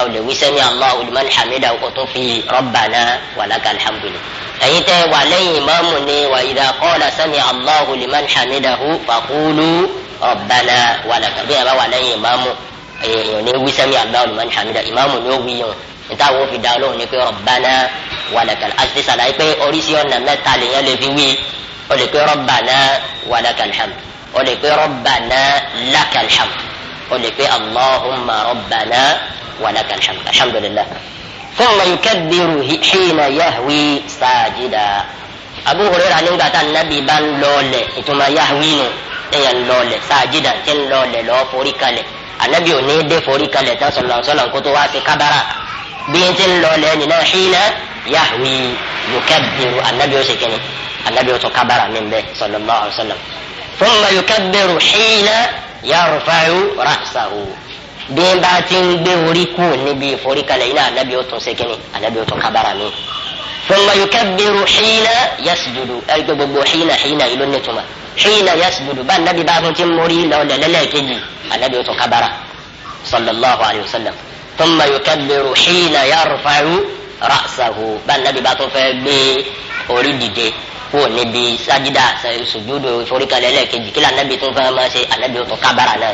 [SPEAKER 2] ọ̀lẹ̀ wíṣẹ́mi Allahu liman hamidahu kó tún fi rabbana walakal hamd ẹ̀yin tẹ́ wà lẹ́yìn ìmáàmù ni wa idha qala sami Allahu liman hamidahu faqulu rabbana walakal bí ẹ wà lẹ́yìn ìmáàmù èèyàn ní wí sami Allahu liman hamida ìmáàmù ní ó wí yàn níta wo fi dá lóhùn ní pé rabbana walakal àti sàlàyé pé oríṣi ọ̀nà mẹ́ta lèèyàn lè fi wí ó lè pé rabbana walakal hamd ó lè pé rabbana lakal hamd ó lè pé allahumma rabbana walakal hamd alhamdulillah thumma yukabbiru hina yahwi sajida Abu Hurairah nígbà tá nàbí bá ń lọlẹ̀ ìtumọ̀ yahwi nù ẹ̀yàn lọlẹ̀ sajida ti ń lọlẹ̀ lọ́ forí kalẹ̀ anabi òní dé forí kalẹ̀ tán sọlọ́nsọlọ́n kó tó wá sí kábàrà bí n ti ń lọ lẹ́yìn náà hílẹ̀ yahwi yukabiru anabi ó sì kíni anabi ó tó kábàrà mi bẹ́ẹ̀ sallallahu alaihi wasallam thumma yukabiru hílẹ̀ yarfa'u ra'sahu bí n bá ti ń gbé orí kù níbi ìforí kalẹ̀ yìí anabi ó tó sí kíni anabi ó tó kábàrà mi. ثم يكبر حين يسجد اي بابو حين حين الى نتوما حين يسجد بان نبي بابو تموري لو لا لا كيجي النبي تكبر صلى الله عليه وسلم ثم يكبر حين يرفع راسه بان نبي بابو فبي اريد دي هو نبي سجد سجود فوري كلا لا كيجي كلا النبي تكبر ما شيء النبي تكبر على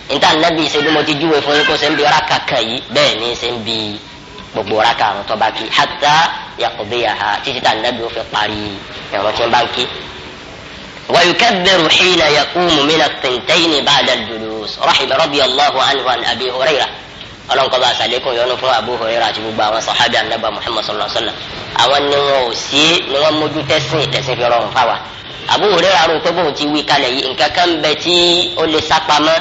[SPEAKER 2] níta nàbì ṣe bí mo ti júwe fún yín kó ṣe ń bi raka kan yìí bẹ́ẹ̀ ni ṣe ń bi gbogbo raka àrùn tó bá kí hatta yaqdiyaha títí tá nàbì ó fi parí ẹ̀rọ tí ń bá ń kí. wa yukabbiru hina yaqumu min at-tintayni ba'da al-julus rahima radiyallahu anhu an abi hurayra ọlọ́nkọ́ bá sàlékún yọnu fún abu hurayra àti gbogbo àwọn sọ̀hábì anábà muhammad sallallahu alayhi wa sallam àwọn ni wọn ò sí ni wọn mójú tẹ́sìn tẹ̀sìn fi rọrùn fáwa abu hurayra rò pé bóun ti wí kalẹ̀ yìí nǹkan kan bẹ tí ó lè sápamọ́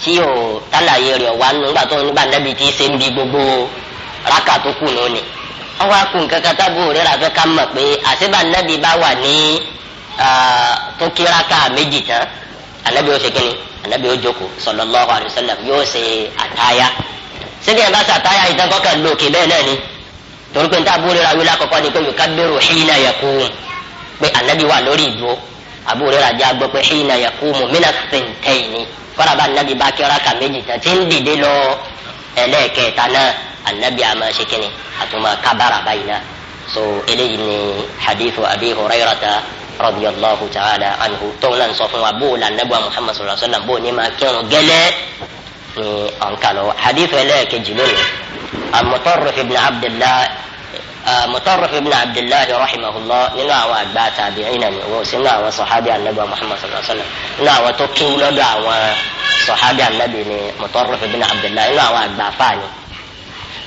[SPEAKER 2] tí o tálàyé rẹ̀ wá nù nígbà tó nígbà nàbì tí ṣe ń bi gbogbo rákà tó kù nù ni. wá kun kankan tábù rẹ̀ rà fẹ́ ká mọ̀ pé àṣìbà nàbì bá wà ní tó kí rákà méjì tán ànábì ó ṣe kí ni ànábì ó jókòó sallallahu alaihi yóò ṣe àtáyà. sẹ́kẹ̀ bá ṣe àtáyà ìtàn kọ́kẹ́ lòkè bẹ́ẹ̀ náà ni torí pé tábù rẹ̀ rà wí lákọ̀ọ́kọ́ ni pé yòókà bẹ̀rù hìnnà yẹ kú pé ànábì wà lórí ìdúró abu rẹ rajà gbọ́ pé hina yakumu mina fintẹyini faraba anabi bá kí ọraka méjì tán tí ń dìde lọ ẹlẹ́ẹ̀kẹta náà anabi àmà ṣèkínni àtúmọ̀ kábàrà báyìí náà so eléyìí ni hadithu abi hurayrata radiyallahu ta'ala anhu tóun náà sọ fún wa bó o la anabi wa muhammad sallallahu alaihi wa sallam bó o ní ma kírun gẹ́lẹ́ ni ọ̀nkà lọ hadithu ẹlẹ́ẹ̀kejì lónìí amutarrif ibn abdillah. آه، مطرف ابن عبد الله رحمه الله nínú àwọn àgbà tàbíìnà ni òun sínú àwọn sọ̀hábì ànábì muhammad sallallahu alayhi wa sallam nínú àwọn tó kéwú lọ́dọ̀ مطرف بن عبد الله nínú àwọn àgbà fáàni.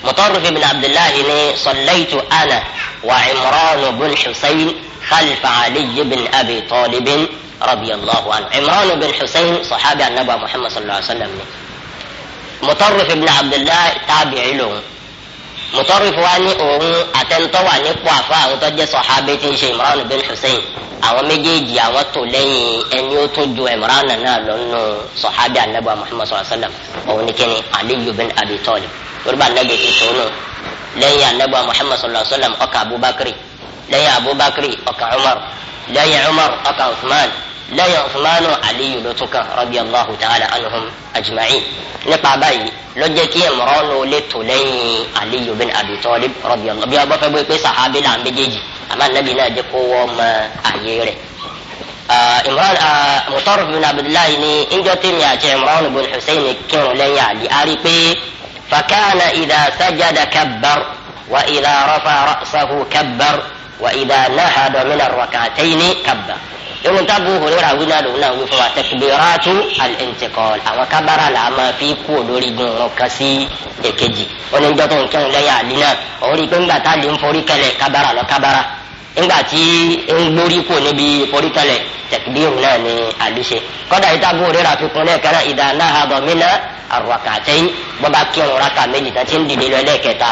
[SPEAKER 2] مطرف بن عبد الله إني صليت أنا وعمران بن حسين خلف علي بن أبي طالب رضي الله عنه عمران بن حسين صحابي النبي محمد صلى الله عليه وسلم مطرف ابن عبد الله تابعي له mùtọ́rìfù wa ní òun àtẹnutọ́ wà nípò àfa àwọn tó jẹ́ sọ̀hábí tí ń ṣe Imran bin Hussein àwọn méjèèjì àwọn tó lẹ́yìn ẹni ó tó ju Imran náà lọ nù sọ̀hábí anabi Muhammad sallallahu alayhi wa sallam òun ní kíni Aliyu bin Abi Talib yorùbá anabi ti tó nù lẹ́yìn anabi Muhammad sallallahu sallam ọkà Abubakar lẹ́yìn Abubakar ọkà Umar lẹ́yìn Umar ọkà Uthman lẹ́yìn ọ̀fúnmánu aliyu ló tún kàn radiyallahu ta'ala anhum ajma'in nípa báyìí ló jẹ́ kí Imranu lè tò lẹ́yìn aliyu bin abi talib radiyallahu bí abọ́fẹ́ bó pé sàhábí là ń méjèèjì àmà nàbí náà jẹ́ kó wọ́n mọ àyè rẹ̀. Imran Mutarrif bin abdullahi ni ńjọ́ tèmi àti Imran bin Husayn kírun lẹ́yìn ali a rí pé fakana idha sajada kabbar wa idha rafa ra'sahu kabbar wa idha nahada min ar-rak'atayn kabbar irun tábù hùrẹ́rà wí náà lòun náà wí fún wa tẹkubiratu al-intiqal àwọn kábàrà là á máa fi kú olórí gun ọ̀rọ̀ kan sí èkejì oníjọ́ tó ń kẹ́hìn lẹ́yìn àlí náà òun rí i pé ńgbà tá a lè ń forí kẹlẹ̀ kábàrà lọ kábàrà ńgbà tí ń gbórí kù níbi forí kẹlẹ̀ tẹkubiru náà ni àlí ṣe kọ́dà yìí tábù hùrẹ́rà fi kún lẹ́ẹ̀kan náà ìdá náà àbọ̀ mí náà àrùwàkàtẹ́yìn bọ́bá kírun rákà méjì tán ti ń dìde lọ lẹ́ẹ̀kẹta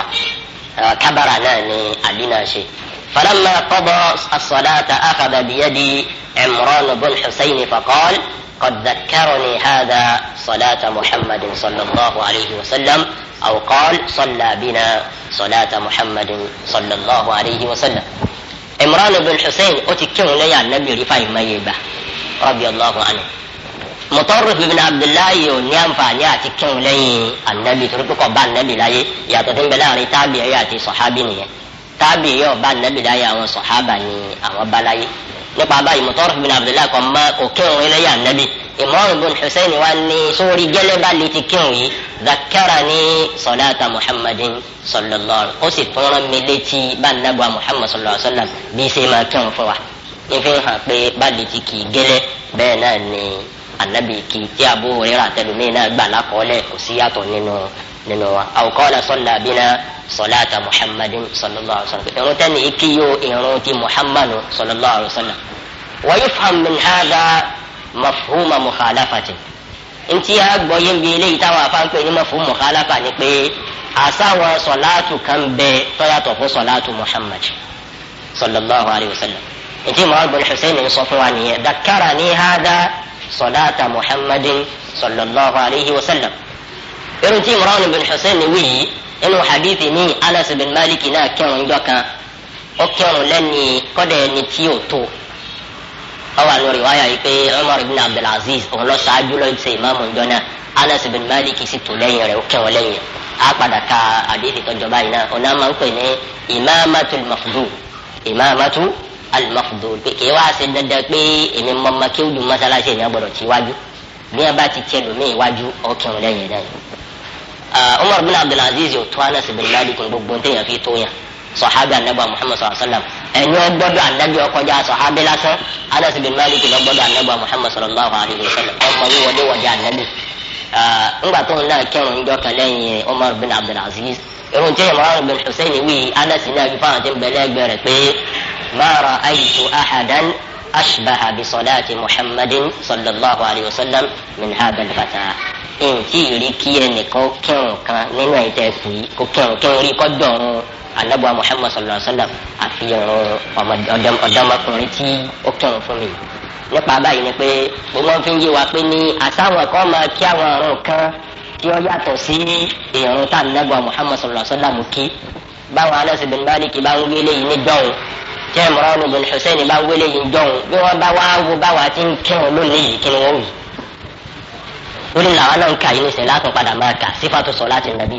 [SPEAKER 2] kábàrà náà ni àlí náà فلما قضى الصلاة أخذ بيدي عمران بن الحسين فقال قد ذكرني هذا صلاة محمد صلى الله عليه وسلم أو قال صلى بنا صلاة محمد صلى الله عليه وسلم
[SPEAKER 1] عمران بن الحسين
[SPEAKER 2] أتكر لي النبي رفاي ميبة رضي الله عنه مطرف بن عبد الله يقول àǹfààní àti kírun لي النبي torí pé النبي لا ànábì láyé ìyàtọ̀ tó ń tábì yìí ọba nàbìláyà àwọn sọ̀hábà ni àwọn balaye nípa báyìí mọ̀tọ́rọ̀ bin abdullahi kan mọ òkèrún ẹlẹ́yà nàbì ìmọ̀ràn bin hussein wa ní sórí gẹ́lẹ́bà lè ti kírun yìí zakara ní sọ̀dáàtà muhammadin sallallahu ó sì tún rán mi létí bá nàbà muhammad sallallahu sallam bí ṣe máa kírun fún wa ife hàn pé bá ti kì í gẹ́lẹ́ bẹ́ẹ̀ náà ni anabi kì í tí abu rírà tẹlumi náà gbà lákọọ́lẹ̀ kò síyàtọ̀ nínú nínú wa àwòkọ́lá sọ́lá bínà sọ́láta muhammadin sallallahu alayhi wa sallam irun tẹ́ni ikí yóò irun ti muhammadu sallallahu alayhi wa sallam wa yufham min hadha mafhuma mukhalafatin ntí a gbọ́ yín bí eléyìí táwọn afáńpẹ́ ní mafhuma mukhalafa ni pé àsáwọn sọ́láàtù kan bẹ tọ́yàtọ̀ fún sọ́láàtù muhammad sallallahu alayhi wa ntí muhammad bin hussein sọ fún wa nìyẹn dakara ni hadha sọ́láàtà muhammadin sallallahu alayhi irun tí imran bin hussein wíyí inú hadithi ní anas bin malik náà kírun ìjọ kan ó kírun lẹ́ni kọ́dà ẹni tí ò tó ọwọ́ àlọ́ rìwáyà yìí pé umar ibn abdulaziz òun lọ ṣáájú lọ́ọ́ ṣe ìmáàmù ìjọ náà anas bin malik sì tó lẹ́yìn rẹ̀ ó kírun lẹ́yìn á padà ka hadithi tọ́jọ́ báyìí náà ọ̀nà máa ń pè ní imamatu al-mafdul imamatu al-mafdul pé kì í wá ṣe dandan pé èmi mọ́mọ́ kí ó dùn mọ́sálásí ìyẹn gbọ́dọ̀ tí iwájú bí wọ́n bá ti tiẹ̀ lómi Ah, umar bin abdulaziz yóò tó anas bin malik gbogbo ntẹ̀yàn fi tó yàn sọ̀hábì anabi muhammad sallallahu alayhi wa sallam ẹni wọn gbọ́dọ̀ anabi ọkọjá sọ̀hábì lásán anas bin malik lọ gbọ́dọ̀ anabi muhammad sallallahu alayhi wa sallam ọmọ yìí wọlé wọjá anabi ah, ńgbà tó ń náà kẹrùn jọ kan lẹ́yìn umar bin abdulaziz irun tí imran bin hussein wí anas náà fi fáwọn tí ń bẹlẹ ẹgbẹ́ pé mara aitu ahadan ashbaha bisalati muhammadin sallallahu alayhi wa sallam min hadha al nkí rí kí ẹnìkan kírun kan nínú àìtẹ́kù yìí kó kírun kírun rí kọ́ dọ̀run anabu muhammad sallallahu alaihi wa sallam àfihàn ọ̀dọ́mọkùnrin tí ó kírun fún mi nípa báyìí ni pé gbogbo fi ń yé wa pé ní àtàwọn kan máa kí àwọn ọ̀run kan tí ó yàtọ̀ sí ìrún tá anabu muhammad sallallahu alaihi wa sallam kí báwọn anasi bin malik bá ń wílé yìí ní dọ́hùn tí imran bin hussein bá ń wílé yìí dọ́hùn bí wọ́n bá wá wo báwa ti ń kírun lónìí yìí kí ni wọ́n wí torí làwọn náà ń kà yín nísìnyí látún padà máa kà sífàtú sọ láti nàbí.